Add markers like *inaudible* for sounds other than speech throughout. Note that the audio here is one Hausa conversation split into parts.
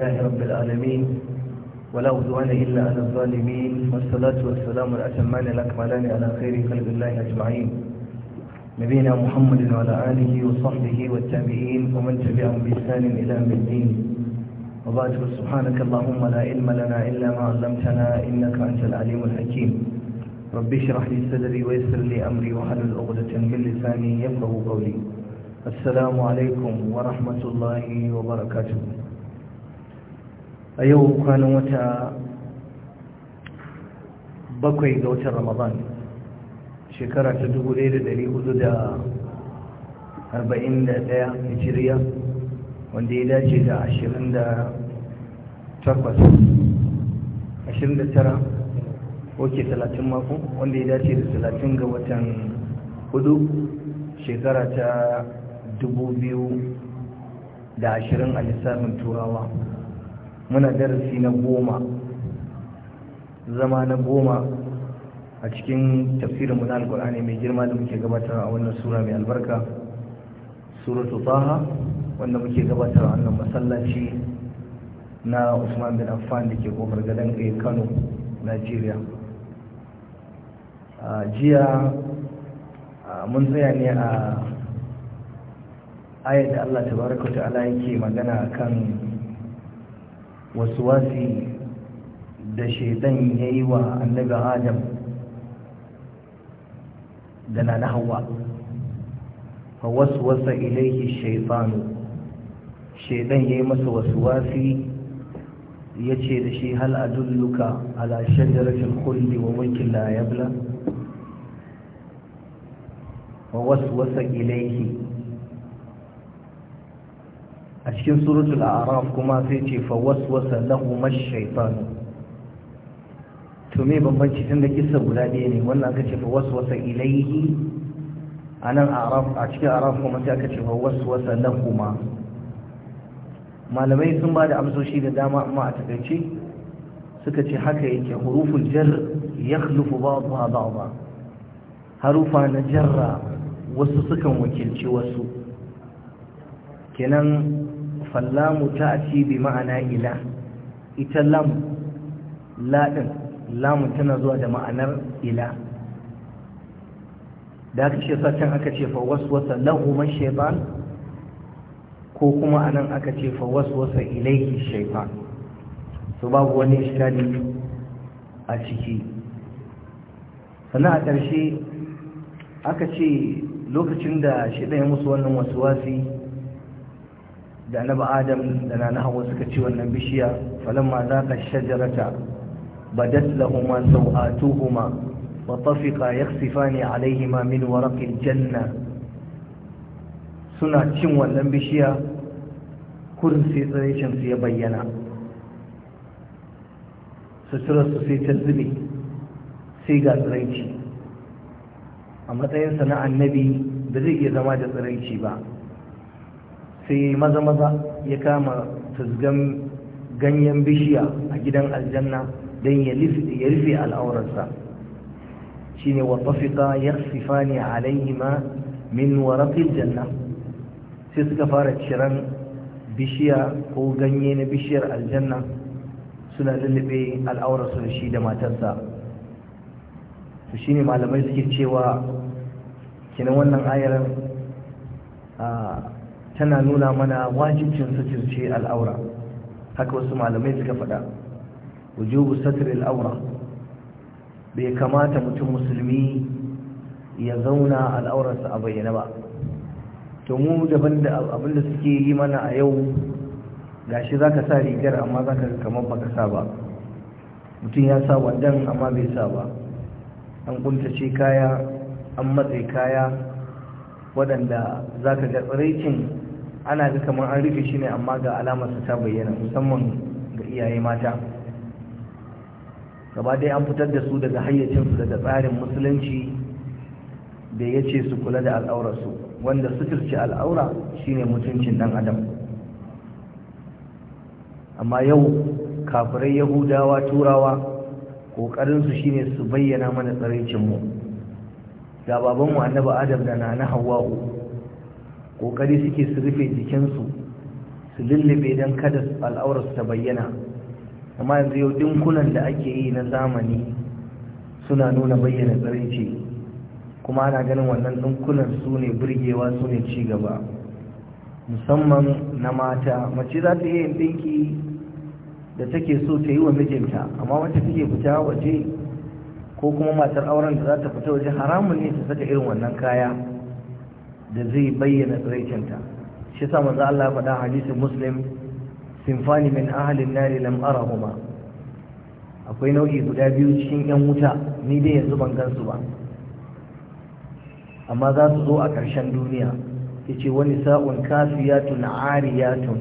لله رب العالمين ولا عدوان إلا على الظالمين والصلاة والسلام الأتمان الأكملان على خير خلق الله أجمعين نبينا محمد وعلى آله وصحبه والتابعين ومن تبعهم بإحسان إلى يوم الدين وبعد سبحانك اللهم لا علم لنا إلا ما علمتنا إنك أنت العليم الحكيم رب اشرح لي صدري ويسر لي أمري واحلل عقدة من لساني يفقه قولي السلام عليكم ورحمة الله وبركاته a yau kwanan wata bakwai ga watan ramadan shekara ta dubu da da da 1441 hijiriya wanda ya dace da ashirin da takwas, ashirin da tara, oke talatin mako wanda ya dace da talatin ga watan hudu shekara ta dubu biyu da ashirin a lissafin turawa muna darasi na goma zama na goma a cikin tafsirin na alkur'ani mai girma da muke gabatar a wannan sura mai albarka suratu taha wanda muke gabatar a wannan masallaci na usman bin affan da ke kofar gadon kai kano nigeria jiya mun tsaya ne a ayat da allah tabaraka ta'ala yake magana kan wasuwasi da shaidan ya yi wa annabi adam da na na hawa fa waswasa ilaihi Shaifanu, shaidan ya yi masa wasuwasi ya ce da shi hal adulluka ala shajaratul khuldi wa mulkin la yabla wa waswasa ilaihi a cikin suratul a'raf kuma sai ce fa waswasa lahu mashaitan to me bambanci tun da kissa guda ɗaya ne wannan aka ce fa waswasa ilaihi anan a'raf a cikin a'raf kuma sai aka ce fa waswasa ma malamai sun ba da amsoshi da dama amma a takaice suka ce haka yake huruful jar yakhlufu ba'daha ba'dha harufa na jarra wasu sukan wakilci wasu kenan fallamu ta ci bi ma'ana ila ita lam laɗin lamun tana zuwa da ma'anar ila da aka ce sacan aka ce fa waswasa lahuman shaifan? ko kuma anan aka ce fa waswasa ilaihi shaitan su babu wani iskali a ciki sannan a ƙarshe aka ce lokacin da shi ɗaya musu wannan wasu wasi da annabi adam da na hawa suka ci wannan bishiya falamma zaqa shajarata badat lahumma sawatuhuma wa tafiqa yakhsifani alayhima min waraƙin janna suna cin wannan bishiya kurin sai tsaraicin su ya bayyana suturarsu sai ta zube sai ga tsiraici a matsayinsa na annabi da zai iya zama da tsiraici ba sai maza maza ya kama fusgan ganyen bishiya a gidan aljanna don ya rufe al'aurarsa shi ne wattafika ya sifa ne min warafin janna sai suka fara ciran bishiya ko ganye na bishiyar aljanna suna lullube al'aurarsu da shi da matarsa Su shi ne malamai suke cewa kinan wannan ayarar ah, tana nuna mana wajibcin suturce al'aura haka wasu malamai suka faɗa wujubu satr al'aura bai kamata mutum musulmi ya zauna al'aurarsa a bayyana ba to mu daban da abinda suke yi mana a yau gashi za ka sa rigar amma za ka kamar baka sa ba mutum ya sa wandan amma bai sa ba an kuntace kaya an matse kaya waɗanda za ka ga tsiraicin ana ga kamar an rufe shi ne amma ga alamarsa ta bayyana musamman ga iyaye mata gaba dai an fitar da su daga hayyacinsu daga tsarin musulunci da ya ce su kula da al'aurarsu wanda suturci al'aura shine mutuncin dan adam amma yau kafirai yahudawa turawa ƙoƙarinsu shine su bayyana mana tsaraicinmu da babanmu annaba adam da na na hawa'u kokari suke su rufe jikinsu su lullube don kada al'aurarsu ta bayyana amma yanzu yau dinkunan da ake yi na zamani suna nuna bayyana tsarinci kuma ana ganin wannan dinkunan su ne burgewa su ne cigaba musamman na mata mace za ta iya dinki da take so ta yi wa mijinta amma wacce take fita waje ko kuma matar auren da za ta fita waje haramun ne ta saka irin wannan kaya da zai bayyana tsiraicinta shi sa manzo Allah faɗa hadisin muslim sinfani min ahalin nari lam arahuma akwai nau'i guda biyu cikin yan wuta ni dai yanzu ban gansu ba amma za su zo a ƙarshen duniya ce wani sa'un kafiyatun ariyatun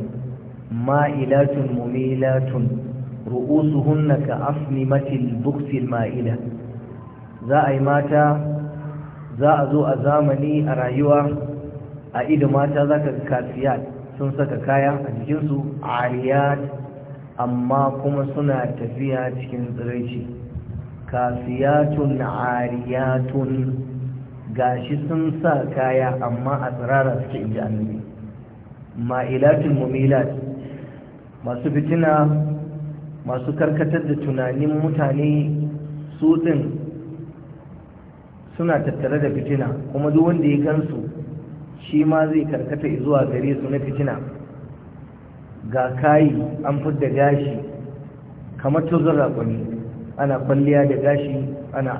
ma'ilatun mumilatun ru'usuhunna ka asnimatil buksil ma'ila za a yi mata za a zo a zamani a rayuwa a ido mata za ka kafiyat sun saka kaya a jikinsu ariyat amma kuma suna tafiya cikin tsiraici kafiyatun ariyatun gashi sun sa kaya amma a tsirara suke inji annabi ma'ilatun mumilat masu fitina masu karkatar da tunanin mutane su suna tattare da fitina kuma duk wanda ya gansu shi ma zai karkata zuwa gare su na fitina ga kayi an da gashi kamar tuzon raƙoni ana kwalliya da gashi ana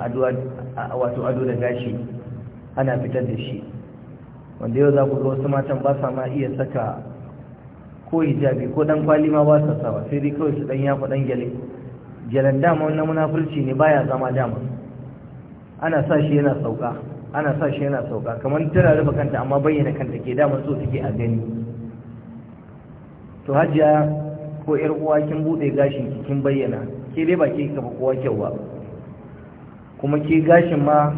wato ado da gashi ana fitar da shi wanda yau za ku ga wasu matan ba sa ma iya saka ko hijabi ko dan kwali ma ba sa sawa sai dai kawai su dan yaku dan gyale gyalen dama wannan munafurci ne baya zama dama ana sa shi yana sauka ana sa shi yana sauka kamar tana rufe kanta amma bayyana kanta ke damar so take a gani to hajiya ko yar uwa kin bude gashin ki kin bayyana ke dai ba ke ka ba kowa kyau ba kuma ke gashin ma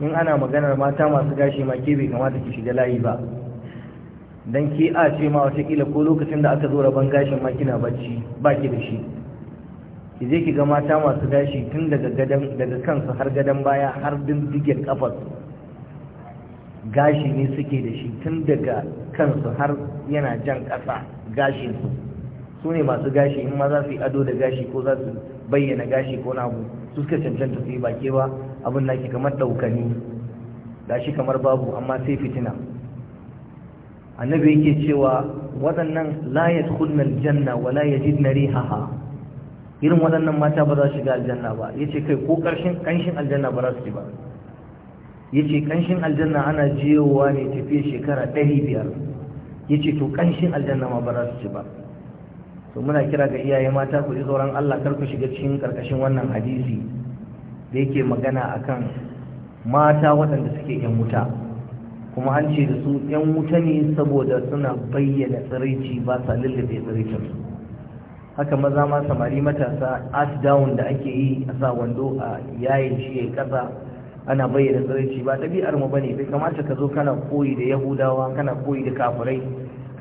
in ana maganar mata masu gashi ma ke bai kamata ki shiga layi ba dan ke a ce ma wata kila ko lokacin da aka zo rabon gashin ma kina bacci ba ki da shi ki je ki ga mata masu gashi tun daga gadan daga kansu har gadan baya har dindigen kafar gashi ne suke da shi tun daga kansu har yana jan ƙasa gashinsu su ne masu gashi in ma za su yi ado da gashi ko za su bayyana gashi ko na su suka cancanta su yi baki ba abin naki kamar daukani gashi kamar babu amma sai fitina annabi yake cewa waɗannan la yadkhulna aljanna wa la yajidna rihaha irin waɗannan mata ba za su shiga aljanna ba ya ce kai ko ƙanshin aljanna ba za su ci ba ya ce ƙanshin aljanna ana jewa ne tafiye shekara ɗari biyar ya ce to ƙanshin aljanna ma ba za su ci ba to muna kira ga iyaye mata ku ji tsoron Allah kar ku shiga cikin ƙarƙashin wannan hadisi da yake magana akan mata waɗanda suke yan wuta kuma an ce da su yan wuta ne saboda suna bayyana tsiraici ba sa lullube tsiraicinsu haka maza ma samari matasa ash down da ake yi a sa wando a yayin shi ya kasa ana bayyana tsiraici ba ɗabi'ar mu bane bai kamata ka zo kana koyi da yahudawa kana koyi da kafirai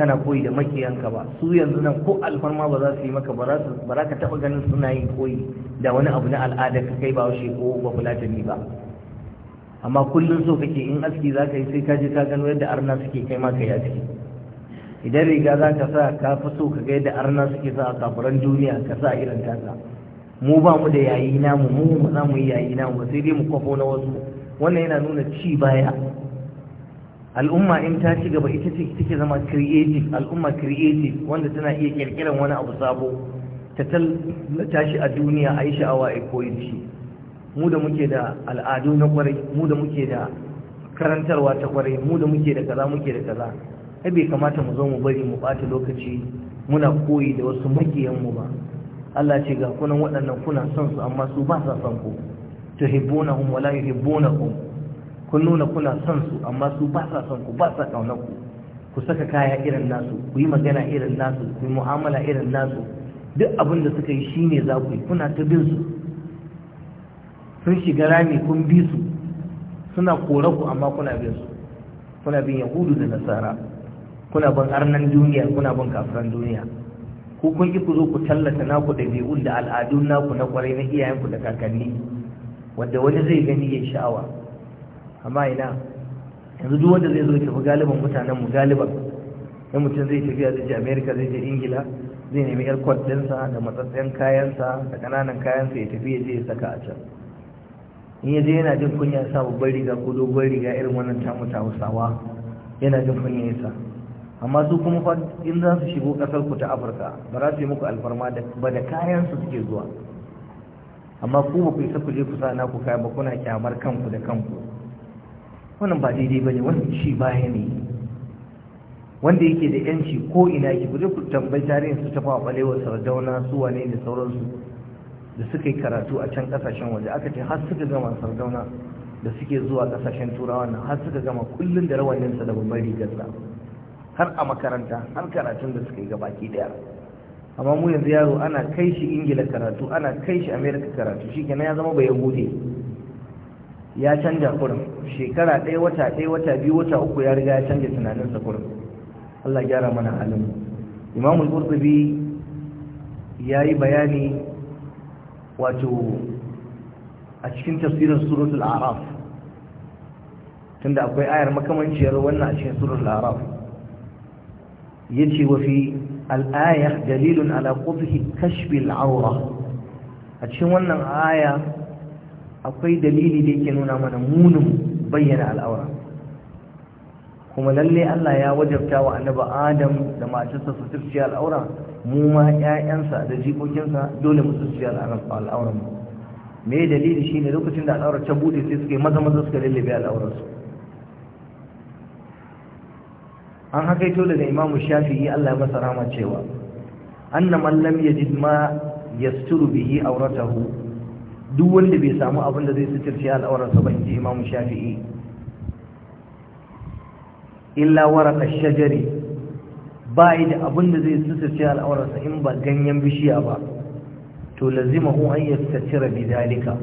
kana koyi da makiyanka ba su yanzu nan ko alfarma ba za su yi maka ba za ka taɓa ganin suna yin koyi da wani abu na al'ada ka kai ba shi ko ba fulatani ba amma kullum so kake in aski za ka yi sai ka je ka gano yadda arna suke kai ma ka yi aski idan riga za ka sa ka fi so ka ga yadda arna suke sa a kafuran duniya ka sa irin kasa mu ba mu da yayi namu mu mu za mu yi yayi namu sai dai mu kwafo na wasu wannan yana nuna ci baya al'umma in ta ci gaba ita ce take zama creative al'umma creative wanda tana iya kirkiran wani abu sabo ta tashi a duniya a yi sha'awa a koyi shi mu da muke da al'adu na kwarai mu da muke da karantarwa ta kwarai mu da muke da kaza muke da kaza ai bai kamata mu zo mu bari mu bata lokaci muna koyi da wasu makiyan mu ba Allah ce ga kunan waɗannan kuna son su amma su ba sa son ku tuhibbunahum wala yuhibbunakum kun nuna kuna son su amma su ba sa son ku ba sa kaunar ku ku saka kaya irin nasu ku yi magana irin nasu ku yi mu'amala irin nasu duk abin da suka yi shine za ku yi kuna ta bin su sun shiga rami kun bi su suna kore ku amma kuna bin su kuna bin yahudu da nasara kuna bin arnan duniya kuna bin kafiran duniya ku kun ki ku zo ku tallata naku ɗabi'un da al'adun naku na kwarai na iyayenku da kakanni wanda wani zai gani ya sha'awa amma ina yanzu duk wanda zai zo tafi galiban mutanen mu galiban in mutum zai tafiya zai je America zai je Ingila zai nemi yar kwadinsa da matsatsen kayansa da kananan kayansa ya tafi ya je ya saka a can in ya je yana jin kunya sa babbar riga ko dogon riga irin wannan tamu ta Hausawa yana jin kunya ya sa amma su kuma fa in za su shigo kasar ku ta Afirka ba za su yi muku alfarma ba da kayan su suke zuwa amma ku ba ku isa ku je ku sa naku kaya ba kuna kyamar kanku da kanku wannan ba daidai ba ne, wannan shi baya ne wanda yake da yanci ko ina yake ku je ku tambayi tarihin su ta fa balewa sardauna su wane ne sauransu da suka yi karatu a can kasashen waje aka ce har suka gama sardauna da suke zuwa kasashen turawa nan har suka gama kullum da rawaninsa da babban rigarsa har a makaranta har karatun da suka yi ki daya amma mu yanzu yaro ana kai shi ingila karatu ana kai shi america karatu shi kenan ya zama bai yahudi ya canja kurin shekara ɗaya wata ɗaya wata biyu wata uku ya riga ya canja tunaninsa kurin allah gyara mana halin imamul qurtubi ya yi bayani wato a cikin tafsirin suratul araf tunda akwai ayar makamanciyar wannan a cikin suratul araf Ya ce wafi al'aya aya dalilun ala qubhi kashf a cikin wannan aya akwai dalili da yake nuna mana munin bayyana al'aura kuma lallai Allah ya wajabta wa annabi Adam da matarsa su tsirci al'aura mu ma ƴaƴansa da jikokinsa dole mu tsirci al'aura mu me dalili shine lokacin da al'aura ta buɗe sai suka yi maza maza suka lallabe al'auransu an haka ito daga imamu shafi'i Allah masa rahama cewa anna man lam yajid ma yasturu bihi auratahu duk wanda bai samu abin da zai suturce al'aurarsa ba inji imamu shafi'i illa waraka shajari ba yi da abin da zai suturce al'aurarsa in ba ganyen bishiya ba to lazima lazimahu an yi yastatira bidalika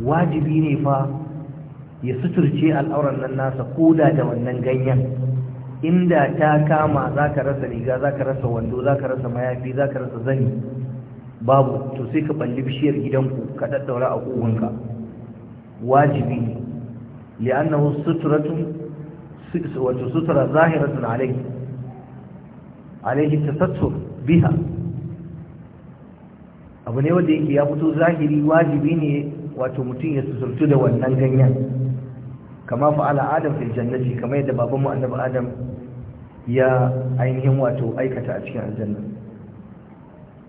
wajibi ne fa ya suturce al'auran nan nasa koda da wannan ganyen inda ta kama za ka rasa riga za ka rasa wando za ka rasa mayafi za ka rasa zani babu to sai ka balli bishiyar gidanku ka daddaura a kowanka wajibi ne li'annahu suturatun wato sutura zahiratun alayhi alayhi tasattur biha abu ne wanda yake ya fito zahiri wajibi ne wato mutum ya suturtu da wannan ganyen kama fa'ala adam fil jannati kama yadda babanmu annabi adam ya ainihin wato aikata a cikin aljanna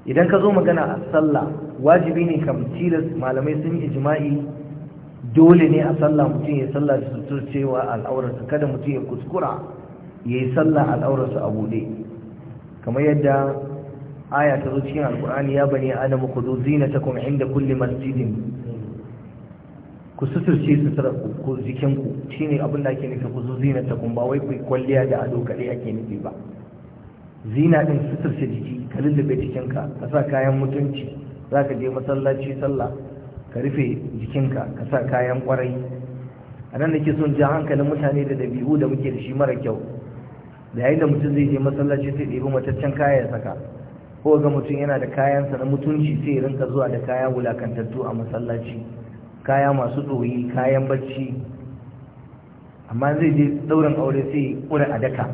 idan ka zo magana a sallah wajibi ne kam tilas malamai sun yi jima'i. dole ne a sallah mutum ya sallah da sutur cewa al'aurarsa kada mutum ya kuskura ya yi sallah al'aurarsa a buɗe kamar yadda aya ta zo cikin alkur'ani ya bane adamu kudu zinatakum inda kulle masjidin ku suturce sutura ku jikinku shine abin da ake nufi ku zina ta kun ba wai ku kwalliya da ado kaɗai ake nufi ba zina din suturce jiki ka lullube jikinka ka sa kayan mutunci za ka je masallaci sallah ka rufe jikinka ka sa kayan kwarai a nan da ke son ja hankalin mutane da dabi'u da muke da shi mara kyau da yayin da mutum zai je masallaci sai ɗebi mataccen kaya ya saka ko ga mutum yana da kayansa na mutunci sai rinka zuwa da kaya wulakantattu a masallaci kaya masu ɗoyi kayan bacci amma zai je ɗaurin aure sai ƙure a daka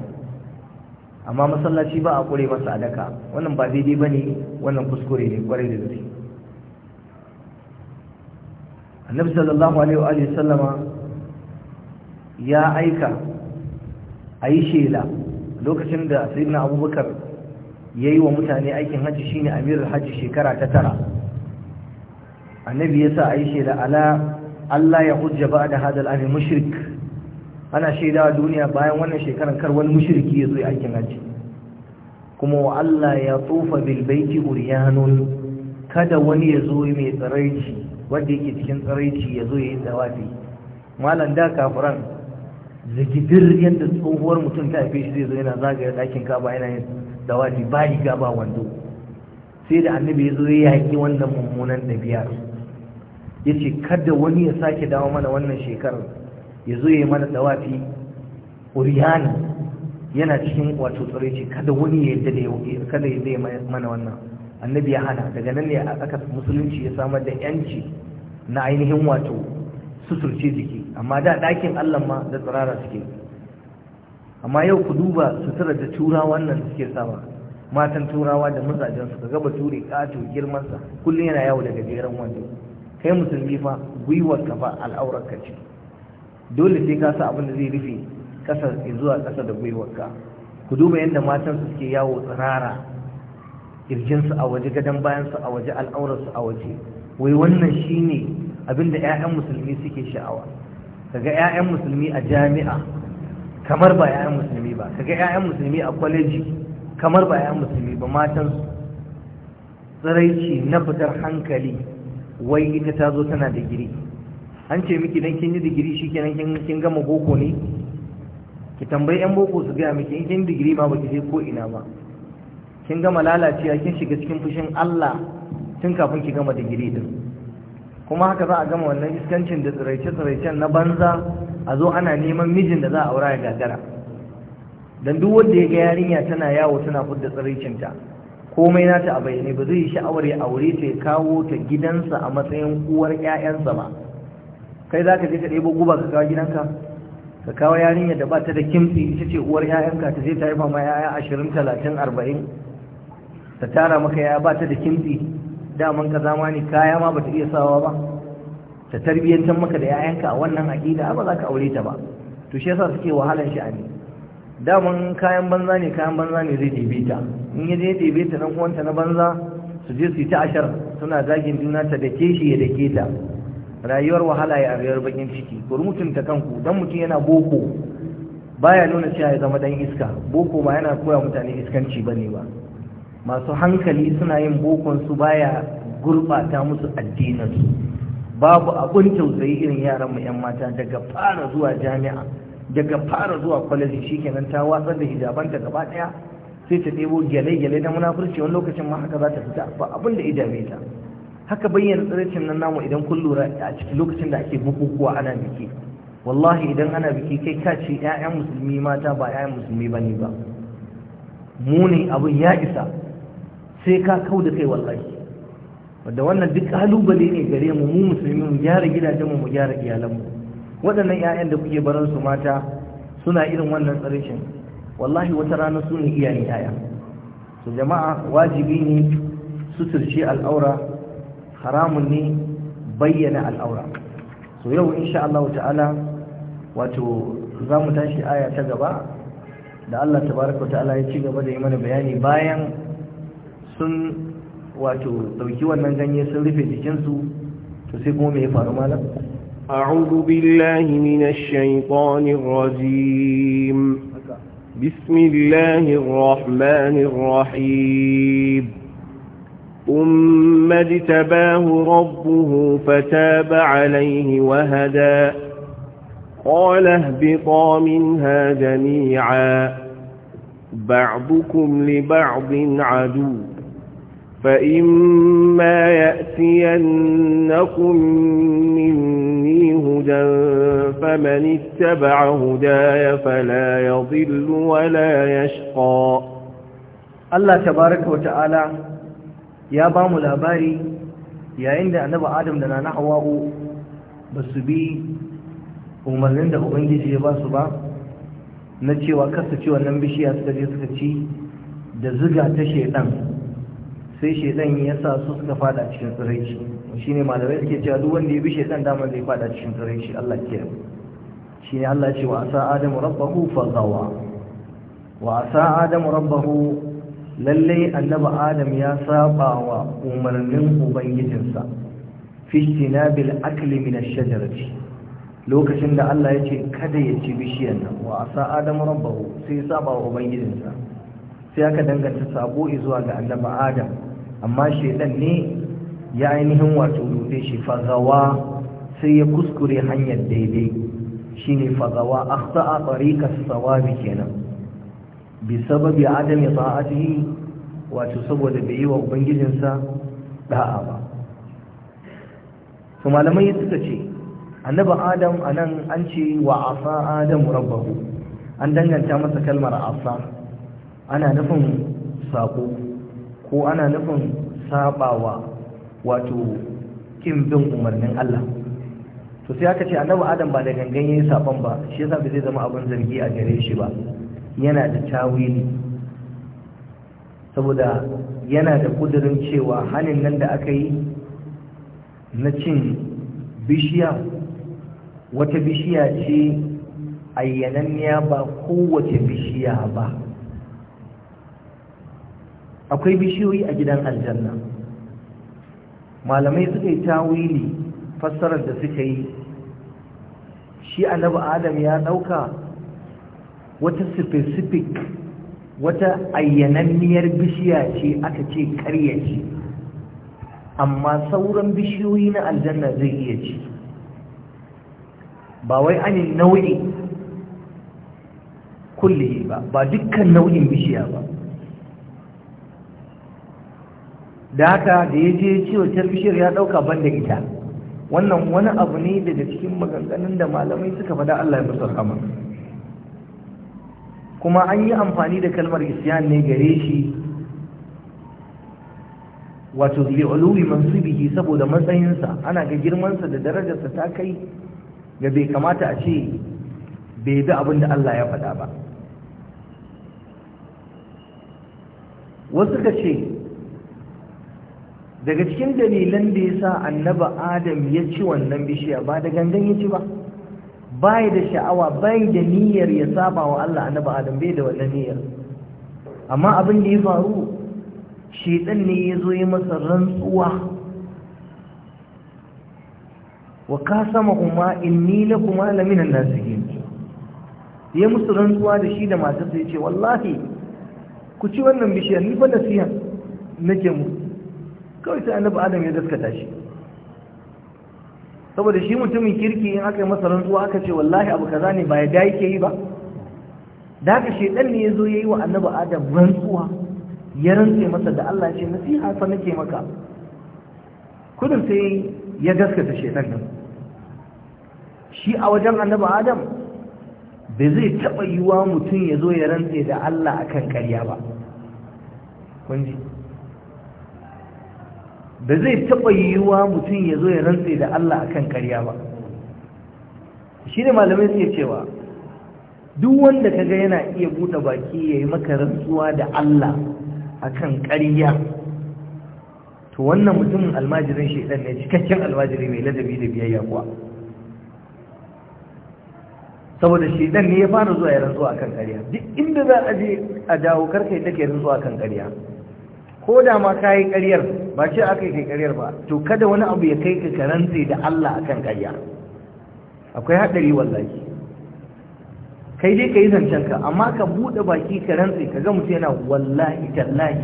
amma masallaci ba a ƙure masa a daka wannan ba daidai ba ne wannan kuskure ne ƙware da gaske annabi sallallahu alaihi wa sallama ya aika a yi shela lokacin da sayyidina abubakar ya yi wa mutane aikin hajji shine amirul hajji shekara ta tara annabi ya sa a yi shaida ala Allah ya hujja ba da hadal abin mushrik ana a duniya bayan wannan shekarar kar wani mushriki ya zo ya aikin hajji kuma wa Allah ya bil baiti uriyanun kada wani ya zo mai tsaraici wanda yake cikin tsaraici ya zo ya yi tsawafi malam da kafiran zikidir yadda tsohuwar mutum ta haife shi zai zo yana zagaya ɗakin kaba yana yin tsawafi ba riga ba wando sai da annabi ya zo ya yaƙi wannan mummunan ɗabi'ar ya ce kada wani ya sake dawo mana wannan shekarar ya zo ya yi mana dawafi uriyani yana cikin wato tsare ce kada wani ya yadda da kada ya zai mana wannan annabi ya hana daga nan ne aka musulunci ya samar da yanci na ainihin wato suturce jiki amma da ɗakin allah ma da tsirara suke amma yau ku duba suturar da turawa nan suke sama matan turawa da mazajensu ga gaba ture ƙato girmansa kullum yana yawo daga jeran wando kai musulmi fa gwiwar ka fa al'aurar ka ce dole sai ka sa abin da zai rufe kasa zuwa kasa da gwiwar ka ku duba yadda matan su suke yawo tsirara ƙirjinsu su a waje gadon bayan su a waje al'aurar su a waje wai wannan shine abin da ƴaƴan musulmi suke sha'awa kaga ƴaƴan musulmi a jami'a kamar ba ƴaƴan musulmi ba kaga ƴaƴan musulmi a kwaleji kamar ba ƴaƴan musulmi ba matan su tsiraici na fitar hankali wai ita ta zo tana digiri an ce miki dan kin yi digiri shi kin kin gama boko ne ki tambayi yan boko su gaya miki in kin yi digiri ma baki je ko ina ba kin gama lalacewa kin shiga cikin fushin Allah tun kafin ki gama digiri din kuma haka za a gama wannan iskancin da tsiraice-tsiraicen na banza a zo ana neman mijin da za a aura ya gagara dan duk wanda ya ga yarinya tana yawo tana fudda tsiraicinta komai na ta a bayyane ba zai sha'awar ya aure ta ya kawo ta gidansa a matsayin uwar ƴaƴansa ba kai za ka je ka ɗebo guba ka kawo gidanka ka kawo yarinyar da ba ta da kimtsi ita ce uwar 'ya'yanka ta zai ta haifa ma ƴaƴa ashirin talatin arba'in ta tara maka yaya ba ta da kimtsi daman ka zama ni kaya ma ba ta iya sawa ba ta tarbiyyantar maka da 'ya'yanka a wannan aƙida ba za ka aure ta ba to shi yasa suke wahalan sha'ani daman kayan banza ne kayan banza ne zai ɗebe ta in ya je ɗebe ta nan kuwanta na banza su je su yi ta ashar suna zagin juna ta da ke shi ya da ke ta rayuwar wahala ya rayuwar bakin ciki ku ta kanku dan mutum yana boko baya nuna cewa ya zama dan iska boko ba yana koya mutane iskanci bane ba masu hankali suna yin bokon su baya gurbata musu addinansu. babu abun tausayi irin yaran mu yan mata daga fara zuwa jami'a daga fara zuwa kwalaji shikenan ta watsar da hijabanta gaba daya sai ta debo gyale-gyale na munafurci wani lokacin ma haka za ta fita ba abin da ijabe ta haka bayyana tsiricin nan namu idan kun lura a cikin lokacin da ake bukukuwa ana biki wallahi idan ana biki kai ka ce 'ya'yan musulmi mata ba 'ya'yan musulmi ba ne ba muni abin ya isa sai ka kau da kai wallahi wadda wannan duk kalubale ne gare mu mu musulmi mu gyara gidajenmu mu gyara iyalanmu waɗannan 'ya'yan da kuke barin su mata suna irin wannan tsarishin wallahi wata rana su ne iyayen 'ya'ya su jama'a wajibi ne suturce al'aura haramun ne bayyana al'aura so yau insha Allah ta'ala wato za mu tashi aya ta gaba da Allah tabaraka ta'ala ya ci gaba da yi mana bayani bayan sun wato ɗauki wannan ganye sun rufe jikinsu to sai kuma mai ya faru malam أعوذ بالله من الشيطان الرجيم بسم الله الرحمن الرحيم ثم اجتباه ربه فتاب عليه وهدى قال اهبطا منها جميعا بعضكم لبعض عدو فإما يأتينكم مني هدى فمن اتبع هداي فلا يضل ولا يشقى الله تبارك وتعالى يا بام الأباري يا عند أنبا آدم لنا نحوه بس بي ومن عنده عندي ya ba su ba na cewa kasa ciwon nan bishiya sai shedan ya sa su suka fada cikin tsiraici shi ne malamai suke cewa duk wanda ya bi shedan dama zai fada cikin tsiraici Allah ke shine Allah ce wa asa adamu rabbahu fa gawa wa asa adamu rabbahu lalle annaba adam ya saba wa umarnin ubangijinsa na istinabil akli min ash-shajarati lokacin da Allah ya ce kada ya ci bishiyar nan wa asa adamu rabbahu sai ya saba wa ubangijinsa sai aka danganta sabo zuwa ga annaba adam amma shaidan ne ya ainihin wato dube shi fazawa sai ya kuskure hanyar daidai shine fazawa akhta'a tariqas sawabi kenan bi sababi adami ta'atihi wato saboda bai yi wa ubangijinsa da'a ba to malamai suka ce annabi adam nan an ce wa asa adam rabbahu an danganta masa kalmar asa ana nufin sako ko ana nufin sabawa wato kin bin umarnin Allah to sai aka ce annabi adam ba da gangan yayin saban ba shi yasa bai zai zama abin zargi a gare shi ba yana da tawili saboda yana da kudirin cewa hanin nan da aka yi na cin bishiya wata bishiya ce ayyananniya ba kowace bishiya ba akwai bishiyoyi a gidan aljanna malamai suka yi tawili fassarar da suka yi shi annabi adam ya dauka wata specific wata ayyananniyar bishiya ce aka ce karya ce amma sauran bishiyoyi na aljanna zai iya ci ba wai anin nau'i kulli ba ba dukkan nau'in bishiya ba da haka da ya je ciwo ta ya ɗauka ban da ita wannan wani abu ne daga cikin maganganun da malamai suka fada Allah ya musu kama. kuma an yi amfani da kalmar isyan ne gare shi wato masu biki saboda matsayinsa ana ga girmansa da darajarsa ta kai ga bai kamata a ce bai bi abin da Allah ya faɗa ba wasu ka ce daga cikin dalilan da ya sa annaba adam ya ci wannan bishiya ba da gangan ya ci ba bai da sha'awa bai da niyyar ya saba wa Allah annaba adam bai da wannan niyyar amma abin da ya faru shedan ne ya zo ya masa rantsuwa wa kuma inni la minan nasihin ya musu rantsuwa da shi da matarsa ya ce wallahi ku ci wannan bishiyar ni fa nasiha nake mu kawai sai annabi adam ya gaskata shi saboda shi mutumin kirki in aka yi masa rantsuwa aka ce wallahi abu kaza ne ba ya da yake yi ba da haka shedan ne ya zo ya yi wa annabi adam rantsuwa ya rantse masa da Allah ya ce nasiha fa nake maka kudin sai ya gaskata shedan nan shi a wajen annabi adam bai zai taɓa yiwa mutum ya zo ya rantse da Allah akan ƙarya ba kun ji ba zai taɓa yiwuwa mutum ya zo ya rantse da Allah a kan ƙarya ba shi ne malamai suke cewa duk wanda ka ga yana iya buɗe baki ya yi maka rantsuwa da Allah a kan ƙarya to wannan mutumin almajirin shaidan ne cikakken almajiri mai ladabi da biyayya kuwa saboda shaidan ne ya fara zuwa ya rantsuwa a kan ƙarya duk inda za a je a dawo karka yi take rantsuwa a kan ƙarya ko da ma ka yi ƙaryar ba ce aka yi ƙaryar ba to kada wani abu ya kai ka karanta da Allah akan ƙarya akwai haɗari wallahi kai dai ka yi zancenka amma ka buɗe baki ka rantse ka ga mutum yana wallahi tallahi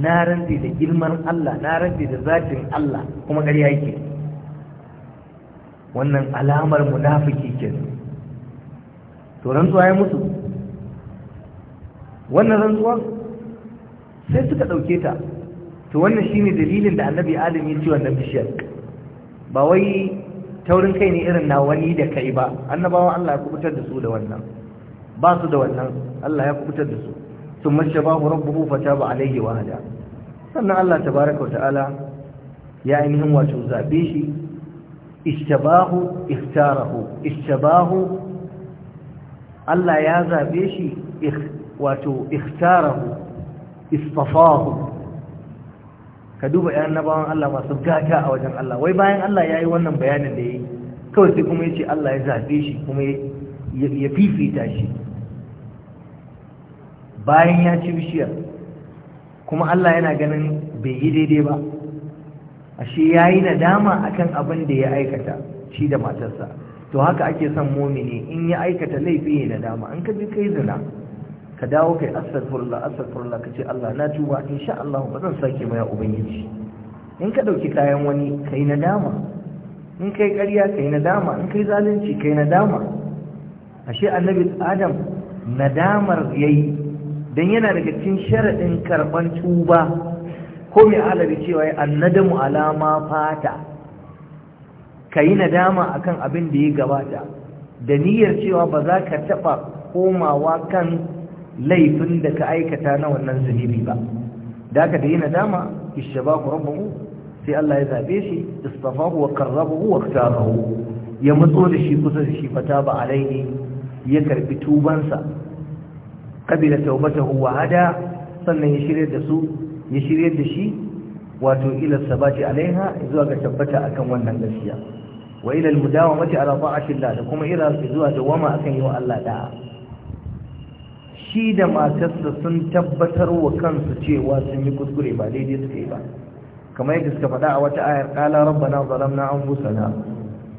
na rantse da girman Allah na rantse da zatin Allah kuma ƙarya yake wannan alamar munafiki ke to rantsuwa ya mutu wannan rantsuwa sai suka ɗauke ta to wannan shi ne dalilin da annabi adam ya ci wannan bishiyar ba wai taurin kai ne irin na wani da kai ba annabawa Allah ya kubutar da su da wannan ba su da wannan Allah ya kubutar da su sun mashabahu rabbuhu fataba alayhi wa hada sannan Allah tabaaraka wa ta'ala ya ainihin wato zabe shi ishtabahu ikhtarahu ishtabahu Allah ya zabe shi wato ikhtarahu istafahu ka duba yan nabawan Allah masu gata a wajen Allah wai bayan Allah ya yi wannan bayanin da ya yi kawai sai kuma ya ce Allah ya zafe shi kuma ya fifita shi bayan ya ci bishiyar kuma Allah yana ganin bai yi daidai ba ashe ya yi nadama kan abin da ya aikata shi da matarsa to haka ake son momini in ya aikata laifi ya dama an ka kai zina ka dawo kai astagfirullah astagfirullah kace Allah na tuba insha Allah ba zan sake ba ya ubangiji in ka dauki kayan wani kai nadama in kai ƙarya kai nadama in kai zalunci kai nadama ashe annabi Adam nadamar yayi dan yana daga cikin sharadin karban tuba ko mai alabi cewa ya annadamu alama fata kai nadama akan abin da ya gabata da niyyar cewa ba za ka taba komawa kan laifin da ka aikata na wannan zunubi ba da aka da yi nadama ishabahu rabbahu sai Allah ya zabe shi istafahu wa qarrabahu wa ikhtarahu ya matso da shi kusa da shi fata ba alaihi ya karbi tubansa kabila taubatahu wa hada sannan ya shirye da su ya shirye da shi wato ila sabati alaiha zuwa ga tabbata akan wannan gaskiya wa ila almudawamati ala ta'atillah da kuma ila zuwa dawama akan yi wa Allah da'a shi da matarsa sun tabbatar wa kansu cewa sun yi kuskure ba daidai suka yi ba kamar yadda suka faɗa a wata ayar ƙala rabbana zalamna busana.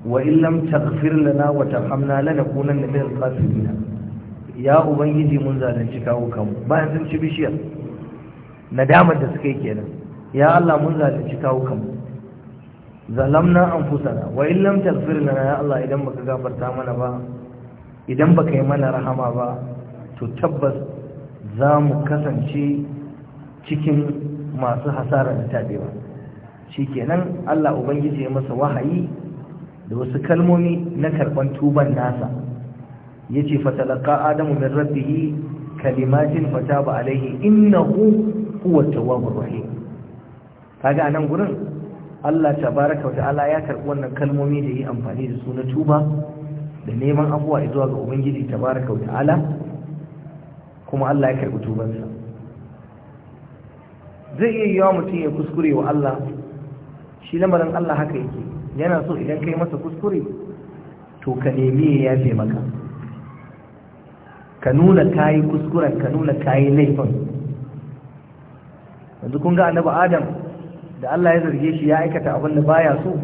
wa in lam taghfir lana wa tarhamna lanakunanna min al-khasirin ya ubangiji mun zalunci kawo kanmu bayan sun ci bishiyar nadamar da suka yi kenan ya Allah mun zalunci kawo kanmu zalamna anfusana wa in lam taghfir lana ya Allah idan baka gafarta mana ba idan baka yi mana rahama ba to tabbas za mu kasance cikin masu hasarar shi shikenan Allah ubangiji ya masa wahayi da wasu kalmomi na karban tuban nasa yace fatalaqa adamu min rabbih kalimatin fataba alaihi innahu huwa tawwabur rahim kaga anan gurin Allah tabaaraka wa ta'ala ya karbi wannan kalmomi da yi amfani da su na tuba da neman afuwa zuwa ga ubangiji tabaaraka wa ta'ala kuma Allah ya karɓi tubansa zai iya yiwa mutum ya kuskure wa Allah shi lamarin Allah haka yake yana so idan kai masa kuskure to ka nemi ya yafe maka ka nuna kayi kuskuren ka nuna kayi laifin yanzu kun ga annabi adam da Allah ya zarge shi ya aikata abin da baya so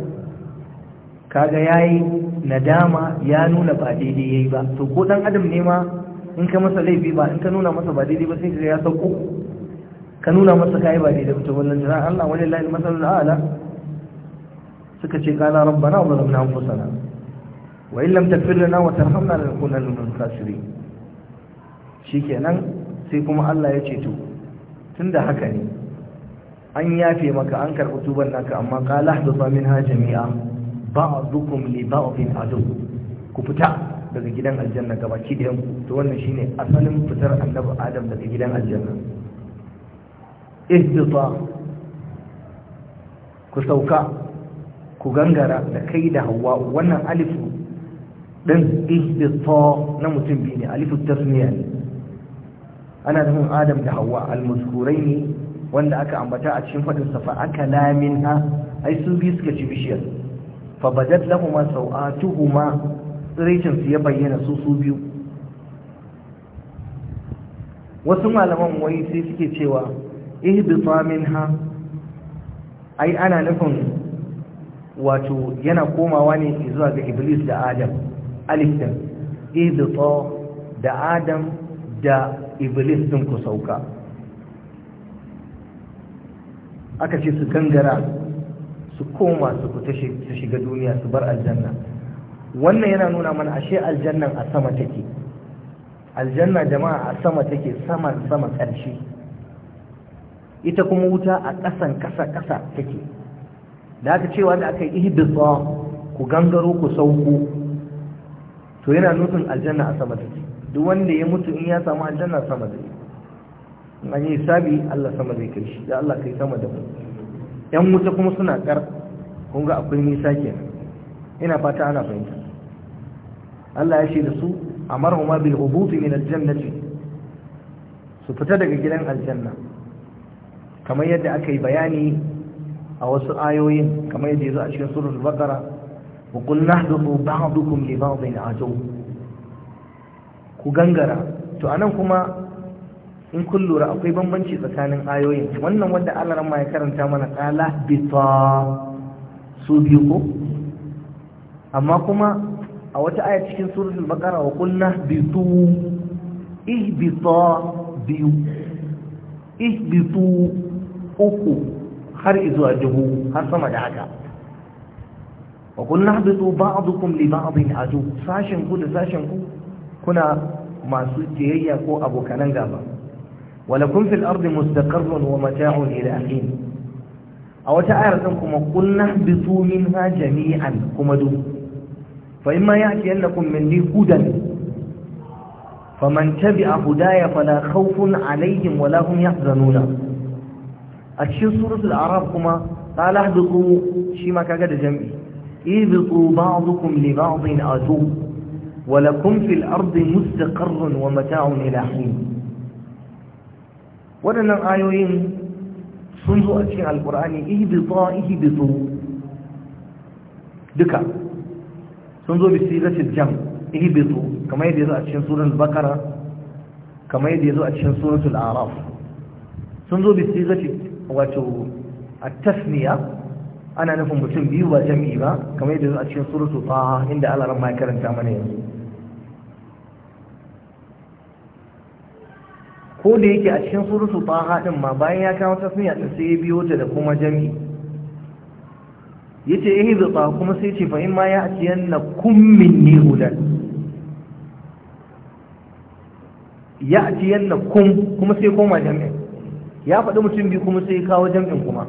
kaga yayi nadama ya nuna ba daidai yayi ba to ko dan adam ne ma in ka masa laifi ba in ka nuna masa ba daidai ba sai ka ya sauko ka nuna masa kai ba daidai ba to wannan jira Allah wani lillahi masalul a'la suka ce kana rabbana wa zalamna anfusana wa illam taghfir lana wa tarhamna lanakunanna minal khasirin shikenan sai kuma Allah ya ce to tunda haka ne an yafe maka an karɓi tuban naka amma qala hadatha minha jami'a ba'dukum li ba'din adu ku fita daga gidan aljanna da ɗayan to wannan shine asalin fitar annabi adam daga gidan aljanna ihdita ku sauka ku gangara da kai da hawa wannan alifu din ihdita na mutum biyu ne alifu tasmiya ne ana nufin adam da hawa almuzkurai ne wanda aka ambata a cikin faɗin safa aka lamin ha ai su biyu suka ci bishiyar fa badat lahuma sau'atuhuma tsirrishin su ya bayyana su su biyu wasu malaman wai sai suke cewa ihbita minha ai ana nufin wato yana komawa ne zuwa ga iblis da adam alif ihbita da adam da iblis din ku sauka aka ce su gangara su koma su fita shiga duniya su bar aljanna wannan yana nuna mana ashe aljannan a sama take aljanna jama'a a sama take saman sama ƙarshe ita kuma wuta a ƙasan ƙasa ƙasa take da aka cewa da aka yi ihdisa ku gangaro ku sauko to yana nufin aljanna a sama take duk wanda ya mutu in ya samu aljanna sama zai an yi sabi Allah sama zai kai shi da Allah kai sama da mu yan wuta kuma suna kar kun ga akwai nisa kenan ina fata ana fahimta Allah ya ce da su amarhuma bil hubuti min aljannati su fita daga gidan aljanna kamar yadda aka yi bayani a wasu ayoyin kamar yadda yazo a cikin suratul baqara wa qul nahdhu ba'dukum li ba'din adu ku gangara to anan kuma in kun lura akwai bambanci tsakanin ayoyin wannan wanda Allah ma ya karanta mana qala bita su biyu ko amma kuma a wata aya cikin suratul baqara wa qulna bitu ihbita biyu ihbitu uku har izuwa dubu har sama da haka wa qulna ihbitu ba'dukum li ba'din adu sashin ku da sashin ku kuna masu jiyayya ko abokanan gaba walakum fil ardi mustaqarrun wa mata'un ila hin a wata ayar din kuma qulna bitu minha jami'an kuma duk فإما من مني هدى فمن تبع هدايا فلا خوف عليهم ولا هم يحزنون أشي سورة الأعراف كما قال اهبطوا شيما كقد جمعي اهبطوا بعضكم لبعض أدو ولكم في الأرض مستقر ومتاع إلى حين ولنا ayoyin sun أشياء القرآن اهبطا اهبطوا دكا sun zo bisi zai jam ihbitu kama yadda yazo a cikin suratul bakara kama yadda yazo a cikin suratul araf sun zo bisi zai wato at tasmiya ana nufin mutum biyu ba jami'i ba kama yadda yazo a cikin suratul taha inda Allah ran ma karanta mana yanzu ko da yake a cikin suratul taha din ma bayan ya kawo tasmiya sai ya biyo ta da kuma jami'i yace eh zaba kuma sai ce fa in ma ya atiyanna kum minni hudan ya atiyanna kum kuma sai koma jami'in ya faɗi mutum biyu kuma sai kawo jami'in kuma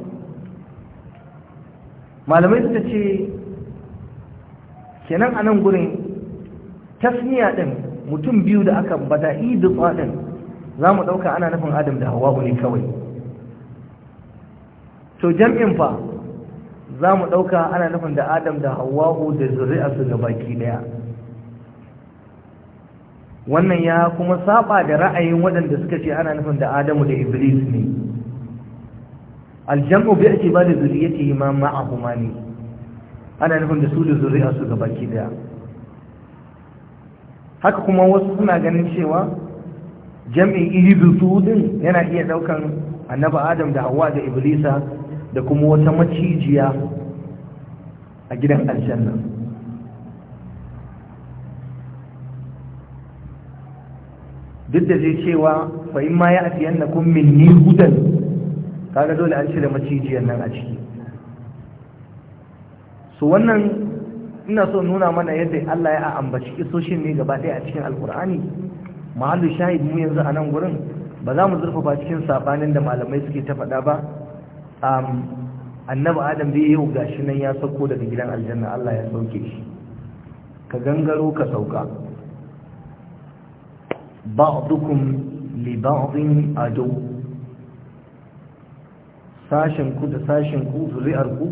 malamai suka ce kenan a nan gurin tasniya ɗin mutum biyu da aka bada idu ɗin za mu ɗauka ana nufin adam da hawa ne kawai to jami'in fa za mu ɗauka ana nufin da adam da hawa'u da zuri'arsu ga baki ɗaya wannan ya kuma saba da ra'ayin waɗanda suka ce ana nufin da adamu da iblis ne aljam'u bi ake ba da zuriyati ma ma'ahuma ne ana nufin da su da zuri'arsu ga baki ɗaya haka kuma wasu suna ganin cewa jami'i ibisu din yana iya ɗaukan annaba adam da hawa da iblisa da kuma wata macijiya a gidan aljanna duk da zai cewa fa in ma ya fiye na kun ni hudan kaga dole an shirya macijiyar nan a ciki su wannan ina so nuna mana yadda Allah ya ambaci isoshin ne gaba ɗaya a cikin alkur'ani mahallin shahid mu yanzu a nan gurin ba za mu zurfafa cikin sabanin da malamai suke ta faɗa ba annabi adam bai yau gashi nan ya sauko daga gidan aljanna Allah ya sauke shi ka gangaro ka sauka ba'dukum li ba'din adu sashin ku da sashin ku zuri'ar ku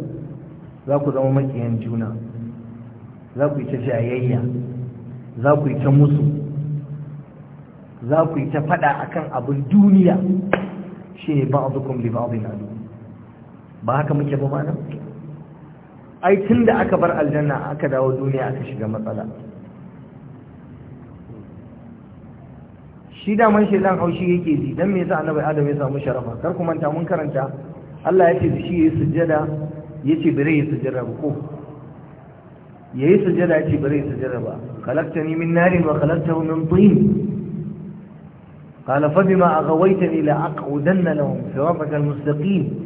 za ku zama makiyan juna za ku yi ta jayayya za ku yi ta musu za ku yi ta fada akan abin duniya shi ne ba'dukum li ba'din adu ba haka muke ba mana ai tun da aka bar aljanna aka dawo duniya aka shiga matsala shi daman shaidan haushi yake ji don me yasa annabi adam ya samu sharafa kar ku manta mun karanta Allah ya ce da shi yayi sujjada yace bare ya sujjada ba ko yayi sujjada yace bare yayi sujjada ba khalaqtani min narin wa khalaqtahu min tin قال فبما أغويتني لأقعدن لهم صراطك المستقيم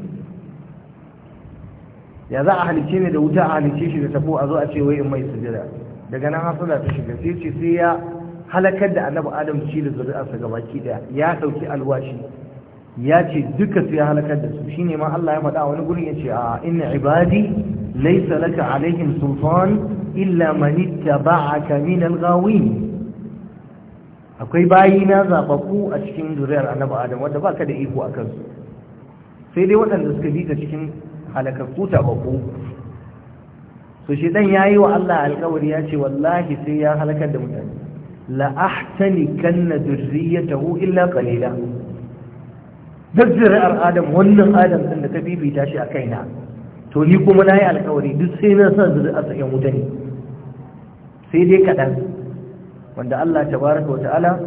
ya za a halice ne da wuta a halice shi da tabo a zo a ce wai mai sujada daga nan hasala ta shiga sai ce sai ya halakar da annabi adam shi da zuri'arsa gabaki daya ya dauki alwashi ya ce duka su ya halakar da su shine ma Allah ya faɗa wani gurin ya ce a inna ibadi laysa laka alaihim sultan illa man ittaba'aka min al-ghawin akwai bayi na a cikin zuri'ar annabi adam wanda baka da iko akan su sai dai waɗanda suka bi ta cikin halakakku tababbu so shi dan yayi wa Allah alƙawari ya ce wallahi sai ya halakar da mutane la ahtanikanna durriyatahu illa qalila dazzira'ar adam wannan adam din da ka bibita shi a kaina to ni kuma nayi alƙawari duk sai na san zuri'a sa yan wuta ne sai dai kaɗan. wanda Allah tabaaraka wata'ala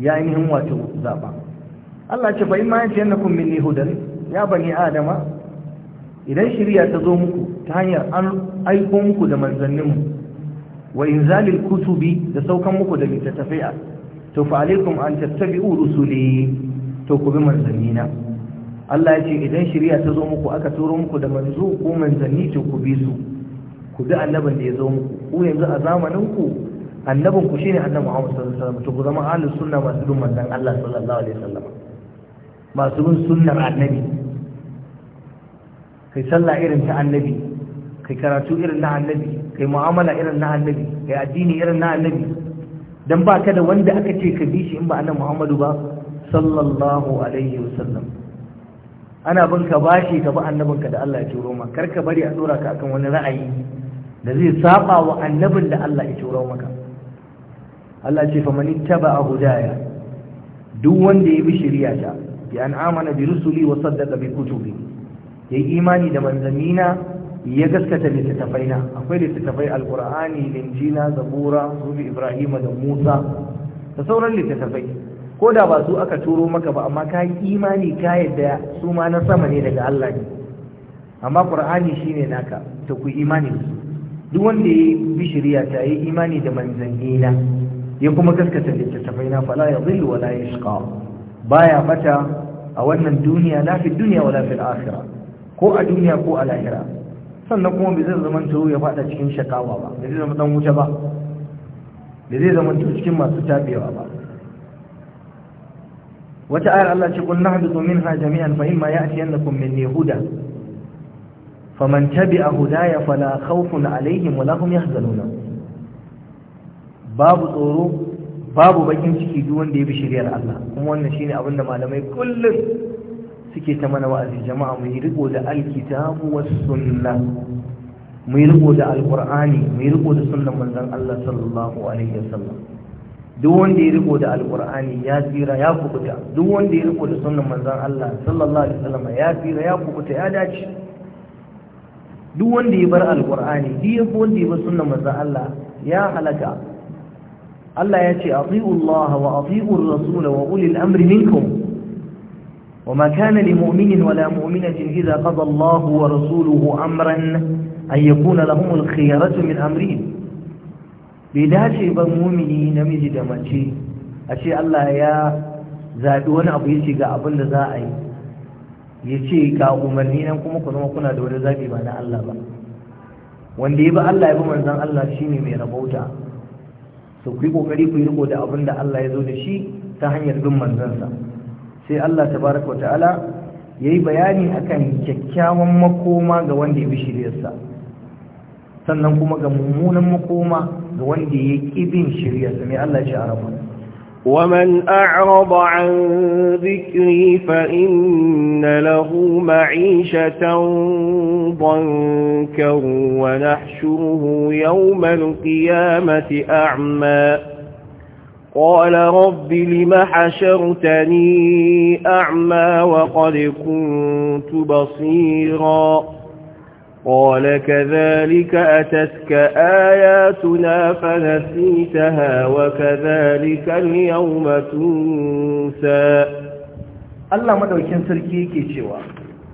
ya ainihin wato zaɓa. Allah ce fa imma yantakum minni hudan ya bani adama idan shirya ta zo muku ta hanyar aiko muku da manzanninmu wa inzalil kutubi da saukan muku da littattafai to fa alaikum an tattabi'u rusuli to ku bi manzannina Allah ya ce idan shirya ta zo muku aka turo muku da manzo ko manzanni to ku bi su ku bi annaban da ya zo muku ku yanzu a zamaninku ku annabin ku shine annabi Muhammad sallallahu alaihi wasallam to ku zama ahlus sunna masu bin manzon Allah sallallahu alaihi wasallam masu bin sunnar annabi kai sallah irin ta annabi kai karatu irin na annabi kai mu'amala irin na annabi kai addini irin na annabi dan ba ka da wanda aka ce ka bi shi in ba annabi Muhammadu ba sallallahu alaihi wasallam ana bin ka bashi ka bi annabinka da Allah ya turo maka, kar ka bari a dora ka akan wani ra'ayi da zai saba wa annabin da Allah ya turo maka Allah ce fa man ittaba'a hudaya duk wanda ya bi shari'a ta bi an amana bi rusuli wa saddaqa bi ya yi imani da manzannina ya gaskata na. akwai littattafai alkur'ani linjila zabura zubi ibrahima da musa da sauran littattafai ko da ba su aka turo maka ba amma ka imani ka yadda su ma na sama ne daga allah ne amma qur'ani shine naka to ku imani duk wanda ya bi shari'a ta yi imani da manzannina ya kuma gaskata littattafai na fala zillu wala yashqa baya mata a wannan duniya na fi duniya wala fil akhirah ko a duniya ko a lahira sannan kuma bai zai zama to ya fada cikin shakawa ba bai zai zama dan wuce ba bai zai zama cikin masu tabewa ba wata ayar Allah ce kun da minha jami'an fa imma ya'tiyannakum minni huda a huda ya fala khawfun alaihim wa lahum yahzanun babu tsoro babu bakin ciki duk wanda ya bi shari'ar Allah kuma wannan shine abin malamai kullum suke ta mana wa'azi jama'a mu yi riko da alkitabu was sunna mu yi riko da alqur'ani mu yi riko da sunnan manzon Allah sallallahu alaihi wasallam duk wanda ya riko da alqur'ani ya tsira ya kubuta duk wanda ya riko da sunnan manzon Allah sallallahu alaihi wasallam ya tsira ya kubuta ya dace duk wanda ya bar alqur'ani duk wanda ya bar sunnan manzon Allah ya halaka Allah ya ce ati'u Allah wa ati'u ar-rasul wa ulil amri minkum وما كان لمؤمن ولا مؤمنة إذا قضى الله ورسوله أمرا أن يكون لهم الخيارة من أمرهم بداشي بمؤمني نمجد مجي أشي الله يا zaɓi wani abu ya ce ga abin da za a yi ya ce ga umarni nan kuma ku zama kuna da wani zaɓi ba na Allah ba wanda ya ba Allah ya bi manzan Allah shi ne mai rabauta su ku yi ƙoƙari ku yi riko da abin da Allah ya zo da shi ta hanyar bin manzansa sai Allah tabaraka wata'ala yayi bayani akan kyakkyawan makoma ga wanda ya bi shiriyarsa sannan kuma ga mummunan makoma ga wanda ya ki bin shiriyarsa mai Allah ya arafa ومن أعرض عن ذكري فإن له معيشة ضنكا ونحشره يوم القيامة أعمى قال رب لم حشرتني أعمى وقد كنت بصيرا قال كذلك أتتك آياتنا فنسيتها وكذلك اليوم تنسى الله مدوكين سركيكي شوى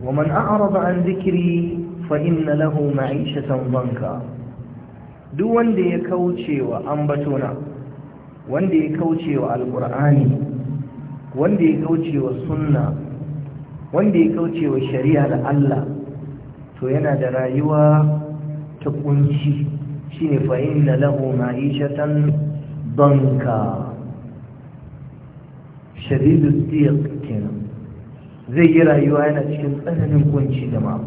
ومن أعرض عن ذكري فإن له معيشة ضنكا دون دي كوتشي وأنبتنا wanda ya kauce wa alkur'ani wanda ya kauce wa sunna wanda ya kauce wa shari'a da Allah to yana da rayuwa ta kunshi shine fa inna lahu ma'ishatan banka shadidu tsiyak kenan zai yi rayuwa yana cikin tsananin kunci ma.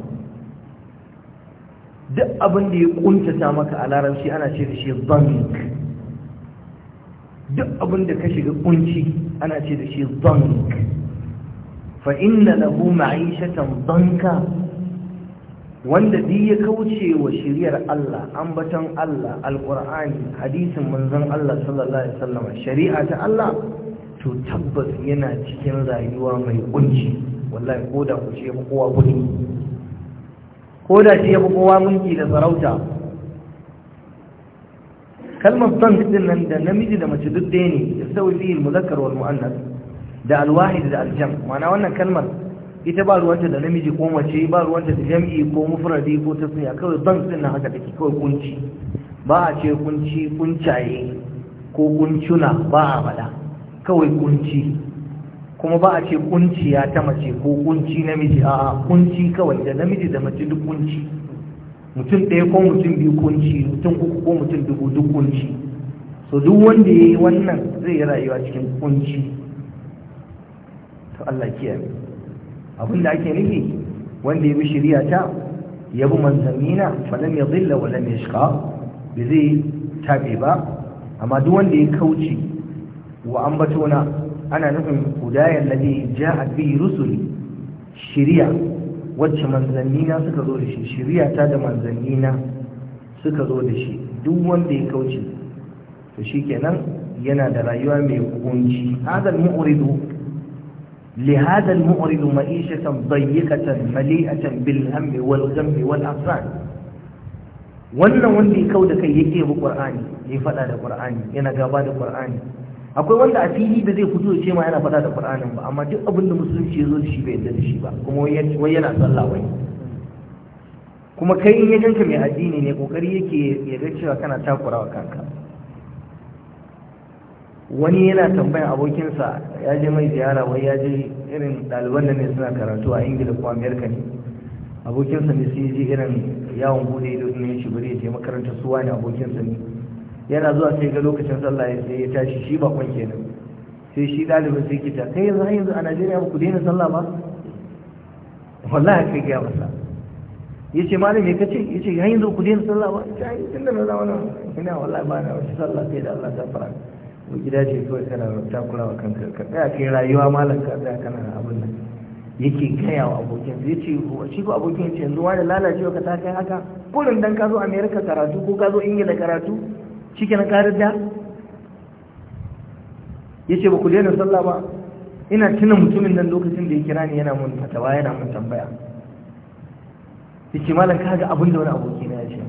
duk abin da ya kuntata maka a larabci ana ce da shi bank duk abin da ka shiga kunci ana ce da shi zank fa inna lahu ma'ishatan zanka wanda duk ya kauce wa shiriyar Allah ambaton Allah alqur'ani hadisin manzon Allah sallallahu alaihi wasallam shari'a ta Allah to tabbas yana cikin rayuwa mai kunci wallahi koda ku ce kowa kudi koda ce ya kowa mulki da sarauta kalmar son din nan da namiji da mace duk ɗaya ne ya fihi al-muzakkar wal mu'annas da al da aljam. Mana ma'ana wannan kalmar ita ba ruwanta da namiji ko mace ba ruwanta da jam'i ko mufradi ko tasniya kawai son din nan haka take kawai kunci ba a ce kunci kuncaye ko kuncuna ba a bada kawai kunci kuma ba a ce kunciya ta mace ko kunci namiji a kunci kawai da namiji da mace duk kunci mutum ɗaya ko mutum biyu kunci mutum uku ko mutum dubu duk kunci so duk wanda ya yi wannan zai yi rayuwa cikin kunci to Allah kiyaye abin da ake nufi wanda ya bi shirya ta ya bi manzamina falam ya zilla wa lam yashqa bi zai tabe ba amma duk wanda ya kauce wa ambatona ana nufin hudayan ladhi ja'a bi rusuli shirya wacce manzannina suka zo da shi ta da manzannina suka zo da shi duk wanda ya kauce to shi kenan yana da rayuwa mai kunci hadal mu'ridu li hadal mu'ridu ma'ishatan dayyikatan mali'atan bil hammi wal ghammi wal afran wannan wanda ya da kai yake bi qur'ani ya fada da qur'ani yana gaba da qur'ani akwai wanda a fili da zai fito da ce ma yana faɗa da Qur'anin ba amma duk abin da musulunci ya zo da shi bai yarda da shi ba kuma wai yana sallah wai kuma kai in ya ganka mai addini ne kokari yake ya ga cewa kana takurawa kanka wani yana tambayan abokinsa ya je mai ziyara wai ya je irin ɗaliban da ne suna karatu a ingila ko amerika ne abokinsa ne sai je irin yawon bude ido ne shi ya je makarantar suwa ne abokinsa ne yana zuwa sai ga lokacin sallah sai ya tashi shi bakon kenan sai shi dalibin sai kita kai yanzu har yanzu a najeriya ba ku daina sallah ba wallahi kai gaya masa ya ce malam ya kace ya ce har yanzu ku daina sallah ba ta yi tun da na zama nan ina wallahi ba na wasu sallah sai da allah ta fara mu gida ce kawai kana kula wa kanka ka tsaya kai rayuwa malam ka tsaya kana abin nan yake gaya wa abokin ya ce shi ko abokin ya ce yanzu wani lalacewa ka ta kai haka kurin dan ka zo america karatu ko ka zo ingila karatu shi na ƙarar da ya ce ba ku daina sallah ba ina tuna mutumin nan lokacin da ya kira ni yana mun fatawa yana mun tambaya ya ce malam kaga abin da wani aboki na ya ce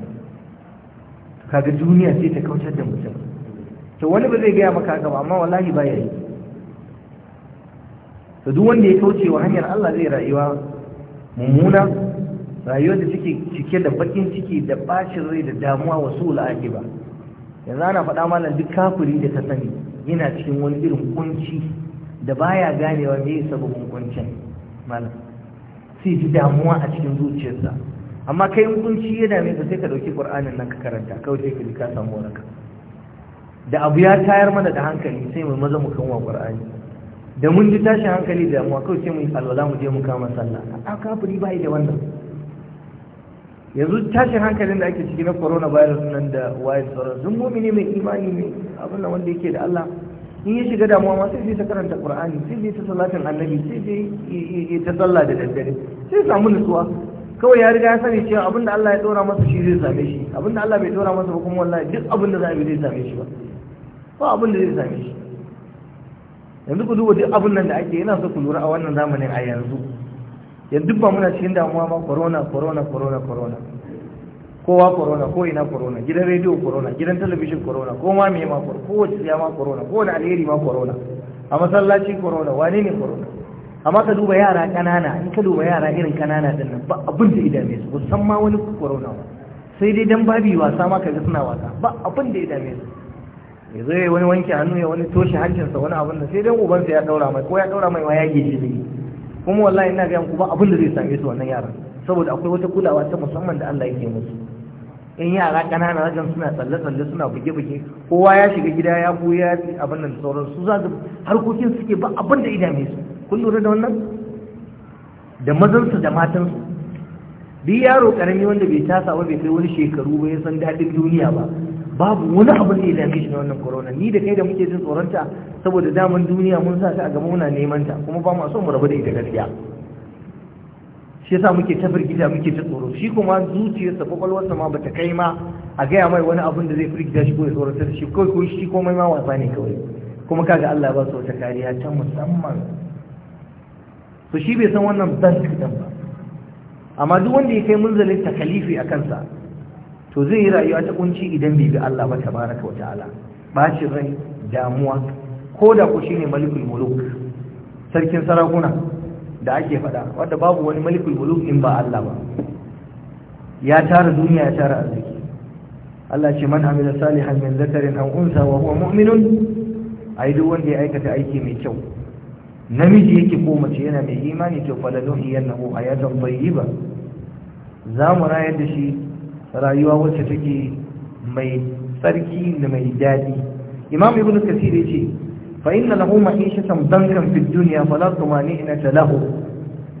kaga duniya sai ta kaucar da mutum to wani ba zai gaya maka gaba amma wallahi ba ya yi to duk wanda ya kauce wa hanyar Allah zai rayuwa mummuna rayuwar da take cike da bakin ciki da bashin rai da damuwa wasu la'akiba ba yanzu ana faɗa malam duk kafiri da ta sani yana cikin wani irin kunci da baya ganewa me yasa babban kuncin malam sai ji damuwa a cikin zuciyarsa amma kai in kunci ya dame ka sai ka dauki qur'anin nan ka karanta kawai sai ka ji ka samu waraka da abu ya tayar mana da hankali sai mu maza mu kanwa qur'ani da mun ji tashin hankali da damuwa kawai sai mu alwala mu je mu kama sallah a kafiri bai da wannan yanzu tashin hankalin da ake ciki na virus nan da waye sauran sun mumini mai imani ne abin nan wanda yake da Allah in ya shiga damuwa ma sai zai ta karanta Qur'ani sai zai ta salatin Annabi sai zai ta sallah da daddare sai samu nutsuwa kawai ya riga ya sani cewa abin da Allah ya dora masa shi zai same shi abin da Allah bai dora masa ba kuma wallahi duk abin da za a yi zai same shi ba ba abin da zai same shi yanzu ku duba duk abin nan da ake yana so ku lura a wannan zamanin a yanzu yanzu ba muna cikin damuwa ba corona corona corona corona kowa corona ko ina corona gidan rediyo corona gidan talabijin corona ko ma me ma corona ko wace ya ma corona ko wani alheri ma corona a masallaci corona wane ne corona amma ka duba yara kanana in ka duba yara irin kanana din nan ba abin da idame su san ma wani corona ba sai dai dan babi wasa ma kaga suna wasa ba abin da idame su ya zo wani wanke hannu ya wani toshe hancinsa wani abin da sai dan ubansa ya daura mai ko ya daura mai ma ya geje ne kuma wallahi ina ga kuma abin da zai same su wannan yaran saboda akwai wata kulawa ta musamman da Allah yake musu in yara ƙanana wajen suna tsalle-tsalle suna buge-buge kowa ya shiga gida ya buya abin nan sauran su za su harkokin suke ba abin da idame su kun lura da wannan da mazansu da matansu duk yaro ƙarami wanda bai tasa ba bai kai wani shekaru ba ya san daɗin duniya ba babu wani abu da ya dame shi na wannan corona ni da kai da muke jin tsoronta saboda daman duniya mun sa ta a gaba muna neman ta kuma ba mu so mu rabu da ita gaskiya shi yasa muke ta firgita muke ta tsoro shi kuma zuciyarsa kwakwalwarsa ma bata kai ma a gaya mai wani abun da zai firgita shi ko ya tsorata da shi ko ko shi komai ma wasa ne kawai kuma kaga Allah ba su wata kariya ta musamman to shi bai san wannan dan ba amma duk wanda ya kai munzalin takalifi a kansa to zai yi rayuwa ta kunci idan bai bi Allah ba tabaraka wa ta'ala bacin rai damuwa ko da ku shine malikul muluk sarkin sarakuna da ake faɗa wanda babu wani malikul muluk in ba Allah ba ya tara duniya ya tara arziki Allah ce man amila salihan min zakarin aw unsa wa huwa mu'minun ai duk wanda ya aikata aiki mai kyau namiji yake ko mace yana mai imani to falaluhi yanahu ayatan tayyiba za mu rayar da shi rayuwa wacce take mai tsarki da mai daɗi imam ibn kasir ya ce fa inna lahu ma'ishatan dankan fid dunya fala tumani'na lahu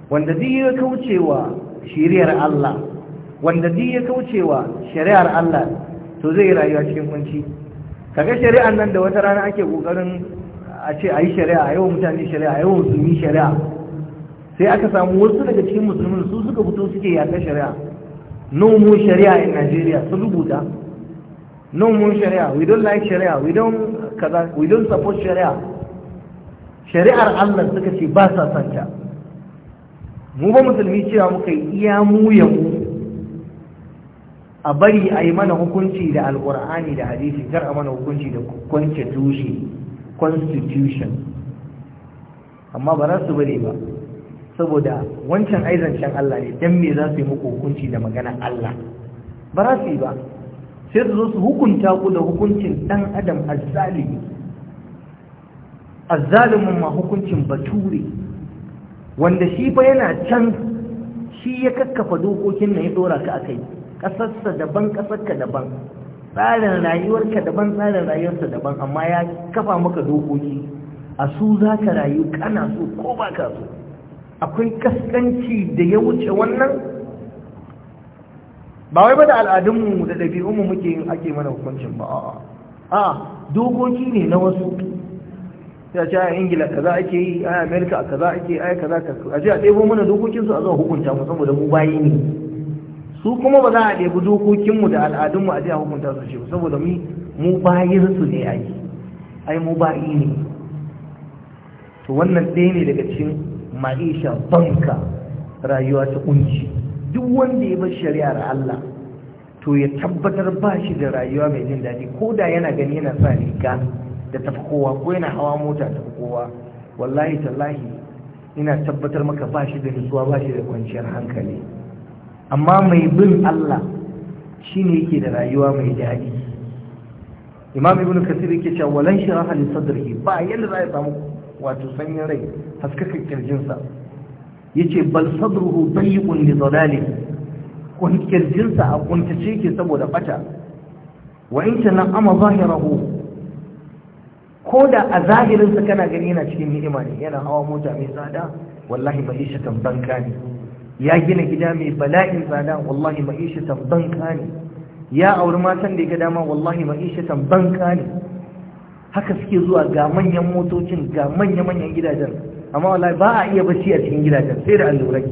wanda duk ya kaucewa shiriyar Allah wanda duk ya kaucewa shari'ar Allah to zai rayuwa cikin kunci kaga shari'ar nan da wata rana ake kokarin a ce ayi shari'a yi wa mutane shari'a yi wa musulmi shari'a sai aka samu wasu daga cikin musulmin su suka fito suke yaƙar shari'a nomun shari'a in Nigeria sun rubuta nomun shari'a we don't like shari'a we don't kaza we don't support shari'a shari'ar Allah suka ce ba sa santa mu ba musulmi cewa muka yi iya mu ya mu a bari a yi mana hukunci da alkur'ani da hadisi kar a mana hukunci da constitution constitution amma ba za su bari ba saboda wancan aizancen Allah ne dan me za su yi muku hukunci da magana Allah ba za su yi ba sai su zo su hukunta ku da hukuncin dan adam azzalimi azzalimin ma hukuncin bature wanda shi ba yana can shi ya kakkafa dokokin nan ya dora ka akai kasarsa daban kasarka daban tsarin rayuwarka daban tsarin rayuwarsa daban amma ya kafa maka dokoki a su za ka rayu kana so ko ba ka so akwai kaskanci da ya wuce wannan ba wai ba da al'adunmu da ɗabi'unmu muke yin ake mana hukuncin ba a dokoki ne na wasu ya ce a ingila za ake yi a amerika za ake yi a kaza a ce a ɗebo mana dokokinsu a zuwa hukunta mu saboda mu bayi ne su kuma ba za a ɗebi dokokinmu da al'adunmu a je a hukunta su ce saboda mu bayinsu ne a yi ai mu bayi ne to wannan ɗaya ne daga cikin ma'isha banka rayuwa ta kunci duk wanda ya bar shari'ar Allah to ya tabbatar ba shi da rayuwa mai jin daɗi ko da yana gani yana sa riga da tafi kowa ko yana hawa mota tafi kowa wallahi tallahi ina tabbatar maka ba shi da nutsuwa ba shi da kwanciyar hankali amma mai bin Allah shi ne yake da rayuwa mai daɗi imam ibn kasir yake cewa walan shiraha li sadrihi ba yadda za ya samu wato sanyin rai haskaka kirjinsa yace bal sadruhu dayyqun da dalalih kun kirjinsa a kuntace ke saboda bata wa in tanama zahirahu da a zahirinsa sa kana gani yana cikin ni'ima ne yana hawa mota mai tsada wallahi ishe banka ne ya gina gida mai bala'in tsada wallahi ishe banka ne ya auri matan da ya ga dama wallahi ishe banka ne haka suke zuwa ga manyan motocin ga manya-manyan gidajen amma wallahi ba a iya bacci a cikin gidajen sai da allurai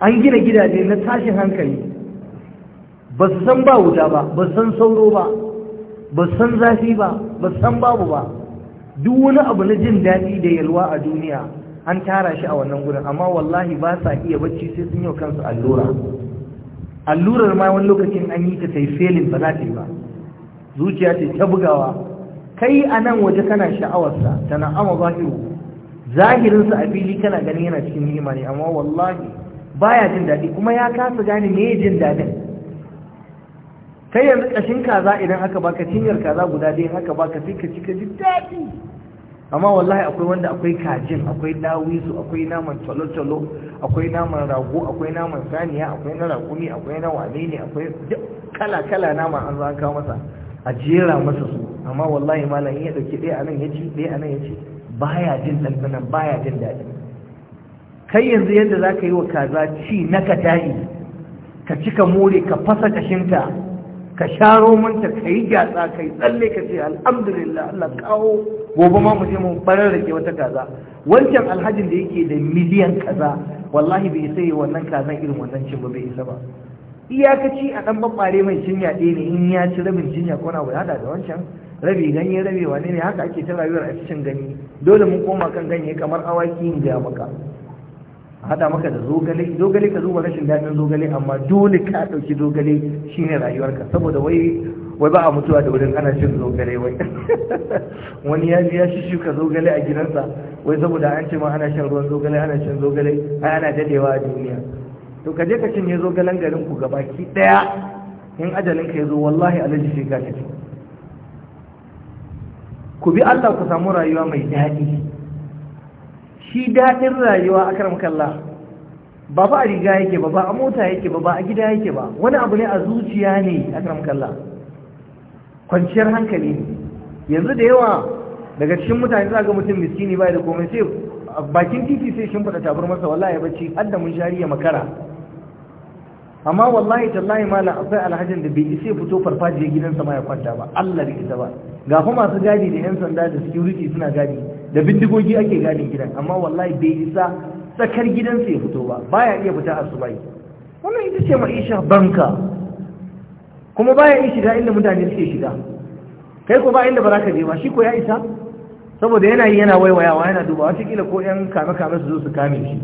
an gina gidaje na tashin hankali ba su san ba wuta ba ba su san sauro ba ba su san zafi ba ba su san babu ba duk wani abu na jin daɗi da yalwa a duniya an tara shi a wannan gudun, amma wallahi ba sa iya bacci sai sun yi kansu allura allurar ma wani lokacin an yi ta ta yi felin ba za ta yi ba zuciya ce ta bugawa kai a nan waje kana sha'awarsa ta na'ama zahiru zahirinsa a fili kana gani yana cikin nima ne amma wallahi baya jin daɗi kuma ya kasa gane me jin daɗin kai yanzu ƙashin kaza idan aka baka cinyar kaza guda ɗaya haka baka sai ka ci ka ji daɗi amma wallahi akwai wanda akwai kajin akwai dawisu akwai naman tolotolo akwai naman rago akwai naman saniya akwai na rakumi akwai na wane ne akwai kala kala naman an zan kawo masa a jera masa su amma wallahi malam ya dauki ɗaya anan ya ci ɗaya anan ya baya jin ɗanɗanan baya jin daɗi kai yanzu yadda za ka yi wa kaza ci na ka tayi ka ci ka more ka fasa kashinta ka sha romanta ka yi gyatsa ka yi tsalle ka ce alhamdulillah Allah kawo gobe ma mu je mu farar ke wata kaza wancan alhajin da yake da miliyan kaza wallahi bai sayi wannan kazan irin wannan cin ba bai isa ba iyakaci a ɗan babbare mai cinya ɗaya ne in ya ci rabin cinya ko na hada da wancan rabi ganye rabi wani ne haka ake ta rayuwar a cikin gani. dole mun koma kan ganye kamar awaki in ga maka hada maka da zogale zogale ka zuba rashin daɗin zogale amma dole ka ɗauki zogale shine rayuwarka saboda wai wai ba a mutuwa da wurin ana cin zogale wai *laughs* wani ya ji ya shuka zogale a gidansa wai saboda an ce ma ana shan ruwan zogale ana cin zogale ai ana dadewa a duniya to ka je ka cinye zo galan garin ku ki daya in ajalin ka yazo wallahi alaji sai ka ci ku bi Allah ku samu rayuwa mai daɗi shi daɗin rayuwa akram kalla ba ba riga yake ba ba a mota yake ba ba a gida yake ba wani abu ne a zuciya ne akram kalla kwanciyar hankali yanzu da yawa daga cikin mutane za ga mutum miskini bai da komai sai bakin titi sai shimfiɗa tabar masa wallahi ya bacci adda mun shari'a makara amma wallahi tallahi malam akwai alhajin da bai isa fito farfajiyar gidansa ma ya kwanta ba Allah ya isa ba ga fa masu gadi da yan sanda da security suna gadi da bindigogi ake gadin gidan amma wallahi bai isa tsakar gidansa ya fito ba baya iya fita asubai wannan ita ce ma'isha banka kuma baya iya shiga inda mutane suke shiga kai ko ba inda ba za ka je ba shi ko ya isa saboda yana yi yana waiwayawa yana duba wata kila ko yan kame kame su zo su kame shi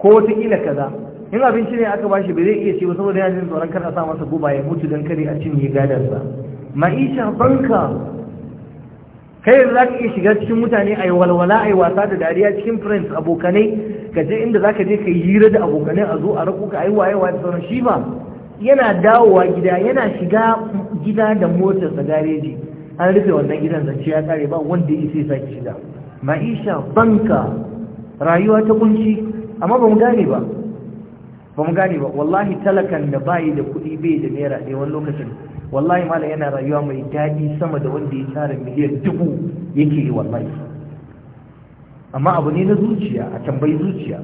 ko wata kila kaza in abinci ne aka bashi ba zai iya ce ba saboda yajin jin tsoron kada sa masa guba ya mutu don kare a cinye gadarsa ma'isha banka kai yanzu za ka iya shiga cikin mutane a yi walwala a yi wasa da dariya cikin friends abokanai ka je inda za ka je ka yi hira da abokanai a zo a raku ka aiwa aiwa da sauran shi ba yana dawowa gida yana shiga gida da motarsa gareji an rufe wannan gidan zance ya kare ba wanda ya isa ya sake shiga ma'isha banka rayuwa ta kunci amma ba mu gane ba ba mu gane ba wallahi talakan da bayi da kuɗi bai da naira ɗaya wani lokacin wallahi malam yana rayuwa mai daɗi sama da wanda ya tara miliyan dubu yake yi wallahi amma abu ne na zuciya a tambayi zuciya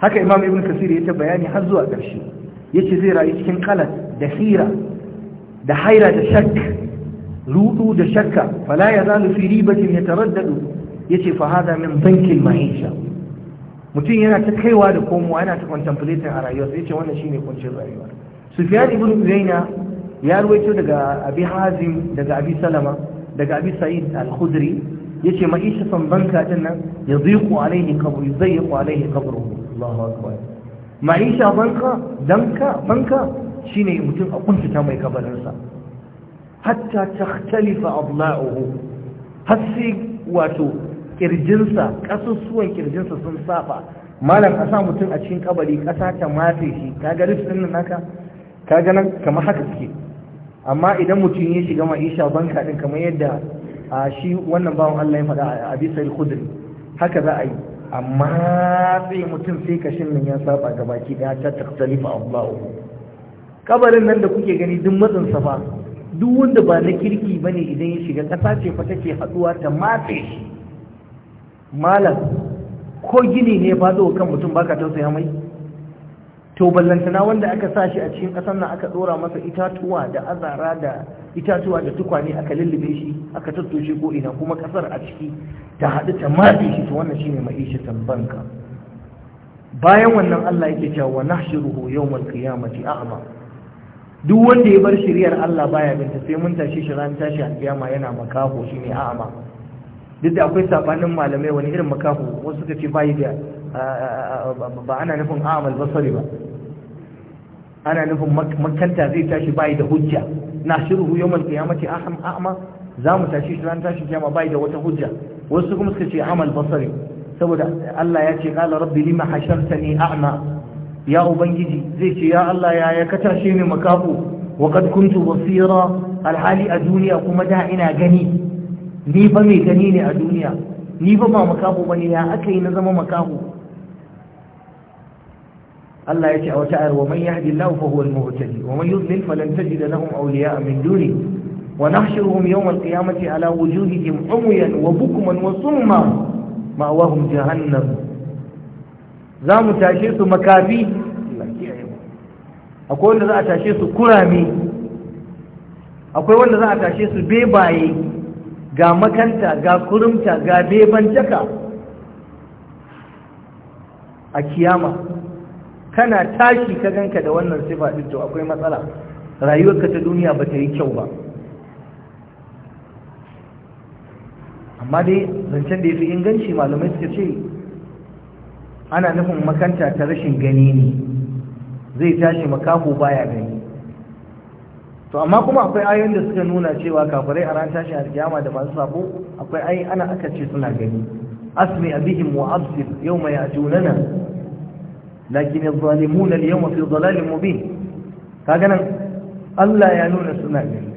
haka imam ibn kasir ya ta bayani har zuwa ƙarshe yace zai rayu cikin kalat da hira da haira da shak rudu da shakka fala yazalu fi ribatin taraddadu yace fa hada min bankin ma'isha mutum yana ta kaiwa da komowa yana ta contemplating a rayuwa sai ce wannan shine kuncin rayuwa sufyan ibn zaina ya ruwaito daga abi hazim daga abi salama daga abi sa'id al-khudri yace ma'ishatan banka din nan yadhiqu alayhi qabru yadhiqu alayhi qabru Allahu akbar ma'isha banka danka banka shine mutum a kuntuta mai kabarinsa hatta takhtalifa adla'uhu har sai wato kirjinsa ƙasusuwan kirjinsa sun safa malam a sa mutum a cikin kabari ƙasa ta mafi shi kaga rifin nan haka kaga nan kamar haka suke amma idan mutum ya shiga ma'isha banka din kamar yadda a shi wannan bawan Allah ya faɗa a bisa al haka za a yi amma sai mutum sai kashin nan ya saba ga baki daya ta taktalifa Allahu kabarin nan da kuke gani duk matsin ba, duk wanda ba na kirki ba ne idan ya shiga ƙasa ce fa take haɗuwa ta matse shi malam ko gini ne ba zo kan mutum baka tausaya mai to ballantana wanda aka sa shi a cikin ƙasar nan aka tsora masa itatuwa da azara da itatuwa da tukwane aka lullube shi aka tattoshe ko ina kuma kasar a ciki ta haɗu ta mafi shi to wannan shine ma'ishatan tambanka. bayan wannan Allah yake cewa wa nahshuruhu yawmal qiyamati a'ma duk wanda ya bar shiriyar Allah baya binta sai mun tashi shi ran tashi a kiyama yana makaho shine a'ma duk da akwai sabanin malamai wani irin makafu wasu suka ce bayi da ba ana nufin amal basari ba ana nufin makanta zai tashi bayi da hujja na shiru yawmal mace aham a'ma za mu tashi shi ran tashi kiyama bayi da wata hujja wasu kuma suka ce amal basari saboda Allah ya ce qala rabbi lima ni a'ma ya ubangiji zai ce ya Allah ya ya ka tashe ni makafu wa qad kuntu basira alhali a duniya kuma da ina gani ni ba mai gani ne a duniya ni ba ba makaho ne. ya aka yi na zama makaho Allah ya ce a wata ayar wa man yahdi Allah fa huwa al-muhtadi wa man yudlil lan tajid lahum awliya min duni wa nahshuruhum yawm al-qiyamati ala wujuhihim umyan wa bukman wa summa wahum jahannam za mu tashe su makafi akwai wanda za a tashe su kurame akwai wanda za a tashe su bebaye ga makanta ga kurumta ga beban jaka, a kiyama kana tashi ka ganka da wannan sifa din to akwai matsala rayuwarka ta duniya ba ta yi kyau ba amma dai zancen da ya fi inganci malamai suka ce ana nufin makanta ta rashin gani ne zai tashi makaho baya gani to amma kuma akwai ayoyin da suka nuna cewa kafirai a ran tashin alkiyama da masu sabo akwai ayi ana aka ce suna gani asmi abihim wa absir yawma ya'tunana lakin adh-dhalimuna al-yawma fi dhalalin mubin kaga nan Allah ya nuna suna gani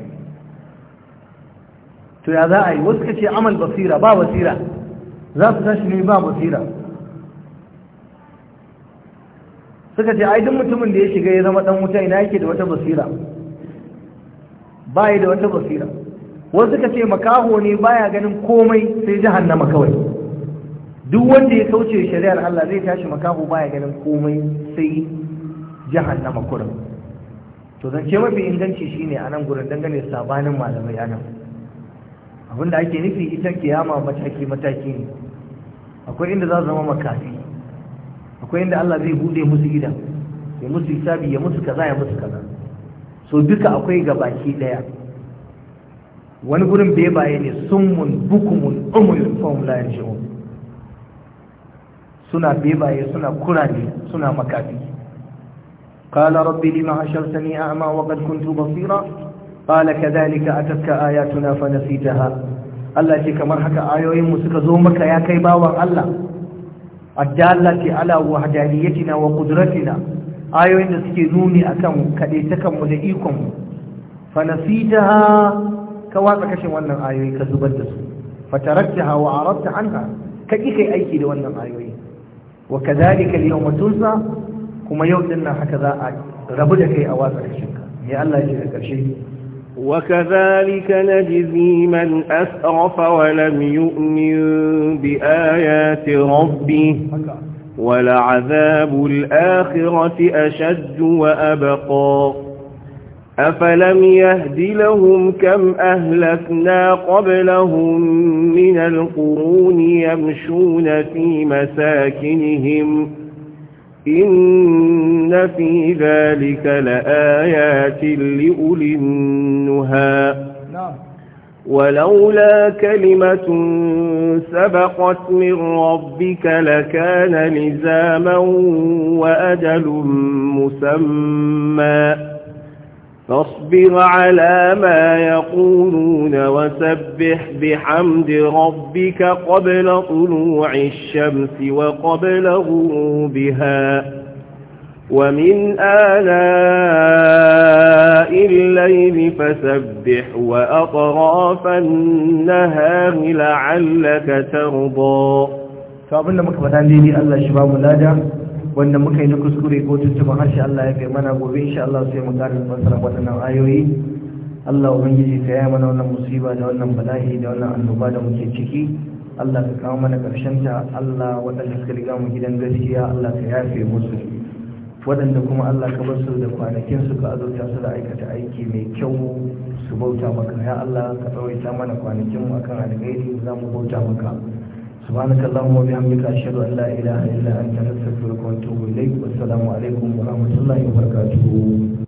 to ya za a yi wasu ce amal basira ba basira za su tashi ne ba basira suka ce ai duk mutumin da ya shiga ya zama dan wuta ina yake da wata basira baya da wata basira wasu ka ce makaho ne baya ganin komai sai jahannama kawai duk wanda ya kauce shari'ar Allah zai tashi makaho baya ganin komai sai jahannama kurin to zance mafi inganci shine a nan gurin dangane sabanin malamai a nan abinda ake nufi ita kiyama mataki mataki ne akwai inda za zama makafi akwai inda Allah zai bude musu gida ya musu hisabi ya musu kaza ya musu kaza so duka akwai gabaki ɗaya. wani gurin bebaye ne summun bukumun umuyun fahim la yarji'un suna bebaye suna kurani suna makafi قال ربي لما حشرتني أعمى وقد كنت بصيرا قال كذلك أتتك آياتنا فنسيتها Allah ce kamar haka ayoyinmu suka zo maka ya kai bawan Allah addallati ala wahdaniyatina wa qudratina ayoyin da suke nuni akan kaɗaitakan kanmu da ikon mu ta ha ka watsa kashin wannan ayoyi ka zubar da su fa taraktaha wa aradta anha ka ki kai aiki da wannan ayoyi wa ka kadhalika al-yawma tunsa kuma yau din nan haka za a rabu da kai a watsa kashin ka ne Allah ya ce karshe وكذلك نجزي من أسرف ولم يؤمن بآيات ربه ولعذاب الآخرة أشد وأبقى أفلم يهد لهم كم أهلكنا قبلهم من القرون يمشون في مساكنهم إن في ذلك لآيات لأولي النهي ولولا كلمة سبقت من ربك لكان لزاما وأجل مسمى فاصبر على ما يقولون وسبح بحمد ربك قبل طلوع الشمس وقبل غروبها ومن آلاء الليل فسبح وأطراف النهار لعلك ترضى فأبنا مكبتان ديني الله شباب الله وأن مكين كسكري قوت السبحان شاء الله في منا قوبي إن شاء الله سيما دار المسر وطنا آيوي الله من يجي سيامنا ونم مصيبة ونم بلاهي ونم أنبا دم تشكي الله في كرشنجا الله وتنسك لقام جدا قسيا الله في عافية waɗanda kuma Allah ka bar su da kwanakin su ka azurta su da aikata aiki mai kyau su bauta maka ya Allah ka tsawaita mana kwanakin mu akan alheri za mu bauta maka subhanaka allahumma wa bihamdika ashhadu an la ilaha illa anta astaghfiruka wa atubu ilaik wassalamu alaikum wa rahmatullahi wa barakatuh